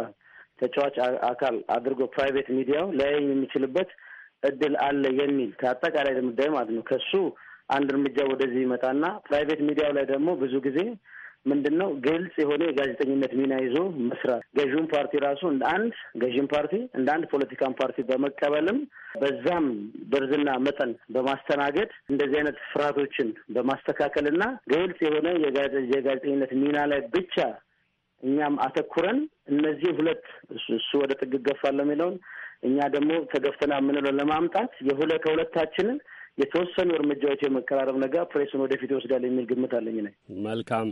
ተጫዋች አካል አድርጎ ፕራይቬት ሚዲያው ሊያየኝ የሚችልበት እድል አለ የሚል ከአጠቃላይ ድምዳሜ ማለት ነው። ከሱ አንድ እርምጃ ወደዚህ ይመጣና ፕራይቬት ሚዲያው ላይ ደግሞ ብዙ ጊዜ ምንድን ነው ግልጽ የሆነ የጋዜጠኝነት ሚና ይዞ መስራት ገዥውን ፓርቲ ራሱ እንደ አንድ ገዥን ፓርቲ እንደ አንድ ፖለቲካን ፓርቲ በመቀበልም በዛም ብርዝና መጠን በማስተናገድ እንደዚህ አይነት ፍርሃቶችን በማስተካከልና ግልጽ የሆነ የጋዜጠኝነት ሚና ላይ ብቻ እኛም አተኩረን እነዚህ ሁለት እሱ ወደ ጥግ ገፋለሁ የሚለውን እኛ ደግሞ ተገፍተና የምንለው ለማምጣት የሁለ ከሁለታችንን የተወሰኑ እርምጃዎች የመቀራረብ ነገር ፕሬሱን ወደፊት ይወስዳል የሚል ግምት አለኝ። ነ መልካም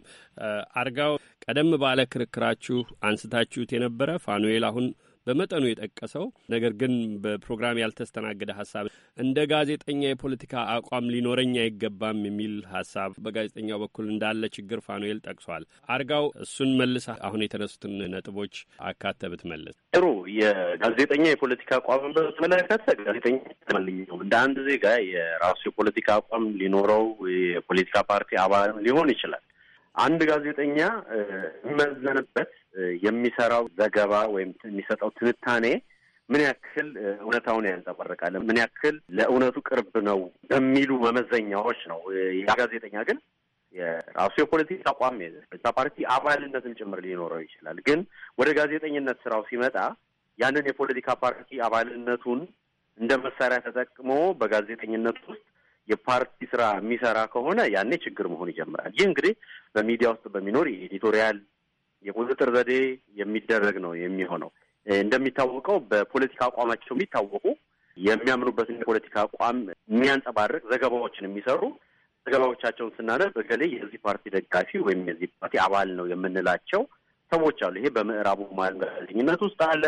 አርጋው፣ ቀደም ባለ ክርክራችሁ አንስታችሁት የነበረ ፋኑኤል አሁን በመጠኑ የጠቀሰው ነገር ግን በፕሮግራም ያልተስተናገደ ሀሳብ እንደ ጋዜጠኛ የፖለቲካ አቋም ሊኖረኝ አይገባም የሚል ሀሳብ በጋዜጠኛው በኩል እንዳለ ችግር ፋኑኤል ጠቅሷል። አርጋው እሱን መልስ አሁን የተነሱትን ነጥቦች አካተ ብትመልስ ጥሩ። የጋዜጠኛ የፖለቲካ አቋም በተመለከተ ጋዜጠኛ ማንኛውም እንደ አንድ ዜጋ የራሱ የፖለቲካ አቋም ሊኖረው የፖለቲካ ፓርቲ አባል ሊሆን ይችላል። አንድ ጋዜጠኛ የሚመዘንበት የሚሰራው ዘገባ ወይም የሚሰጠው ትንታኔ ምን ያክል እውነታውን ያንጸባርቃል፣ ምን ያክል ለእውነቱ ቅርብ ነው በሚሉ መመዘኛዎች ነው። ያ ጋዜጠኛ ግን የራሱ የፖለቲካ አቋም የፖለቲካ ፓርቲ አባልነትም ጭምር ሊኖረው ይችላል። ግን ወደ ጋዜጠኝነት ስራው ሲመጣ ያንን የፖለቲካ ፓርቲ አባልነቱን እንደ መሳሪያ ተጠቅሞ በጋዜጠኝነት ውስጥ የፓርቲ ስራ የሚሰራ ከሆነ ያኔ ችግር መሆን ይጀምራል። ይህ እንግዲህ በሚዲያ ውስጥ በሚኖር የኤዲቶሪያል የቁጥጥር ዘዴ የሚደረግ ነው የሚሆነው። እንደሚታወቀው በፖለቲካ አቋማቸው የሚታወቁ የሚያምኑበትን የፖለቲካ አቋም የሚያንጸባርቅ ዘገባዎችን የሚሰሩ ዘገባዎቻቸውን ስናነብ በተለይ የዚህ ፓርቲ ደጋፊ ወይም የዚህ ፓርቲ አባል ነው የምንላቸው ሰዎች አሉ። ይሄ በምዕራቡ ማለም ጋዜጠኝነት ውስጥ አለ፣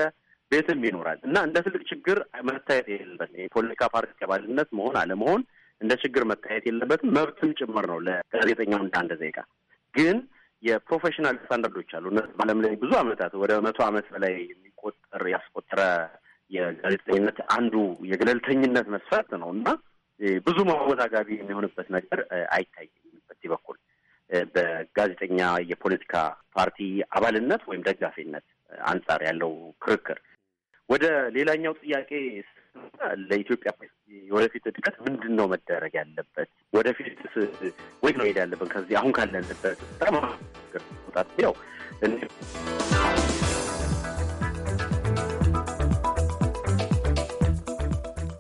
ቤትም ይኖራል እና እንደ ትልቅ ችግር መታየት የሌለበትም የፖለቲካ ፓርቲ አባልነት መሆን አለመሆን እንደ ችግር መታየት የለበትም መብትም ጭምር ነው ለጋዜጠኛው እንደ አንድ ዜጋ ግን የፕሮፌሽናል ስታንዳርዶች አሉ። በዓለም ላይ ብዙ ዓመታት ወደ መቶ ዓመት በላይ የሚቆጠር ያስቆጠረ የጋዜጠኝነት አንዱ የገለልተኝነት መስፈርት ነው እና ብዙ መወዛጋቢ የሚሆንበት ነገር አይታይም። በዚህ በኩል በጋዜጠኛ የፖለቲካ ፓርቲ አባልነት ወይም ደጋፊነት አንጻር ያለው ክርክር ወደ ሌላኛው ጥያቄ ለኢትዮጵያ የወደፊት እድቀት ምንድን ነው መደረግ ያለበት? ወደፊት ወይ ነው ሄድ ያለብን ከዚህ አሁን ካለንበት በጣም ው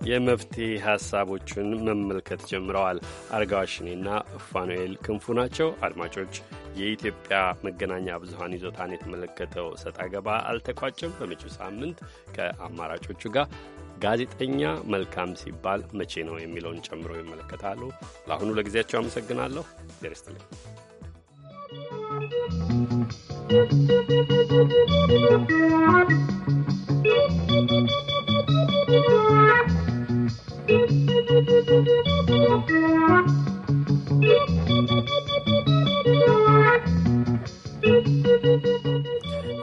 የመፍትሄ ሀሳቦቹን መመልከት ጀምረዋል። አርጋዋሽኔና ፋኑኤል ክንፉ ናቸው። አድማጮች፣ የኢትዮጵያ መገናኛ ብዙሀን ይዞታን የተመለከተው ሰጣ ገባ አልተቋጨም። በመጪው ሳምንት ከአማራጮቹ ጋር ጋዜጠኛ መልካም ሲባል መቼ ነው የሚለውን ጨምሮ ይመለከታሉ። ለአሁኑ ለጊዜያቸው አመሰግናለሁ። Thank you.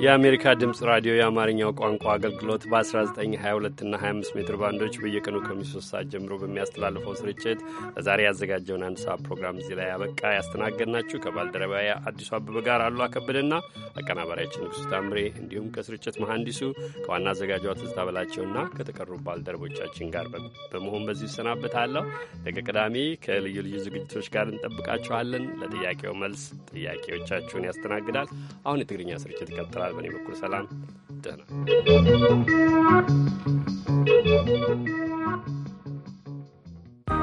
የአሜሪካ ድምፅ ራዲዮ የአማርኛው ቋንቋ አገልግሎት በ1922 እና 25 ሜትር ባንዶች በየቀኑ ከምሽቱ ሶስት ሰዓት ጀምሮ በሚያስተላልፈው ስርጭት ለዛሬ ያዘጋጀውን አንድ ሰዓት ፕሮግራም እዚህ ላይ ያበቃ። ያስተናገድናችሁ ከባልደረባ አዲሱ አበበ ጋር አሉ አከብድና አቀናባሪያችን ንጉሥ ታምሬ እንዲሁም ከስርጭት መሐንዲሱ ከዋና አዘጋጇ ትዝታ በላቸውና ከተቀሩ ባልደረቦቻችን ጋር በመሆን በዚህ ይሰናበታለሁ። ነገ ቅዳሜ ከልዩ ልዩ ዝግጅቶች ጋር እንጠብቃችኋለን። ለጥያቄው መልስ ጥያቄዎቻችሁን ያስተናግዳል። አሁን የትግርኛ ስርጭት ይቀጥላል። በእኔ በኩል ሰላም፣ ደህና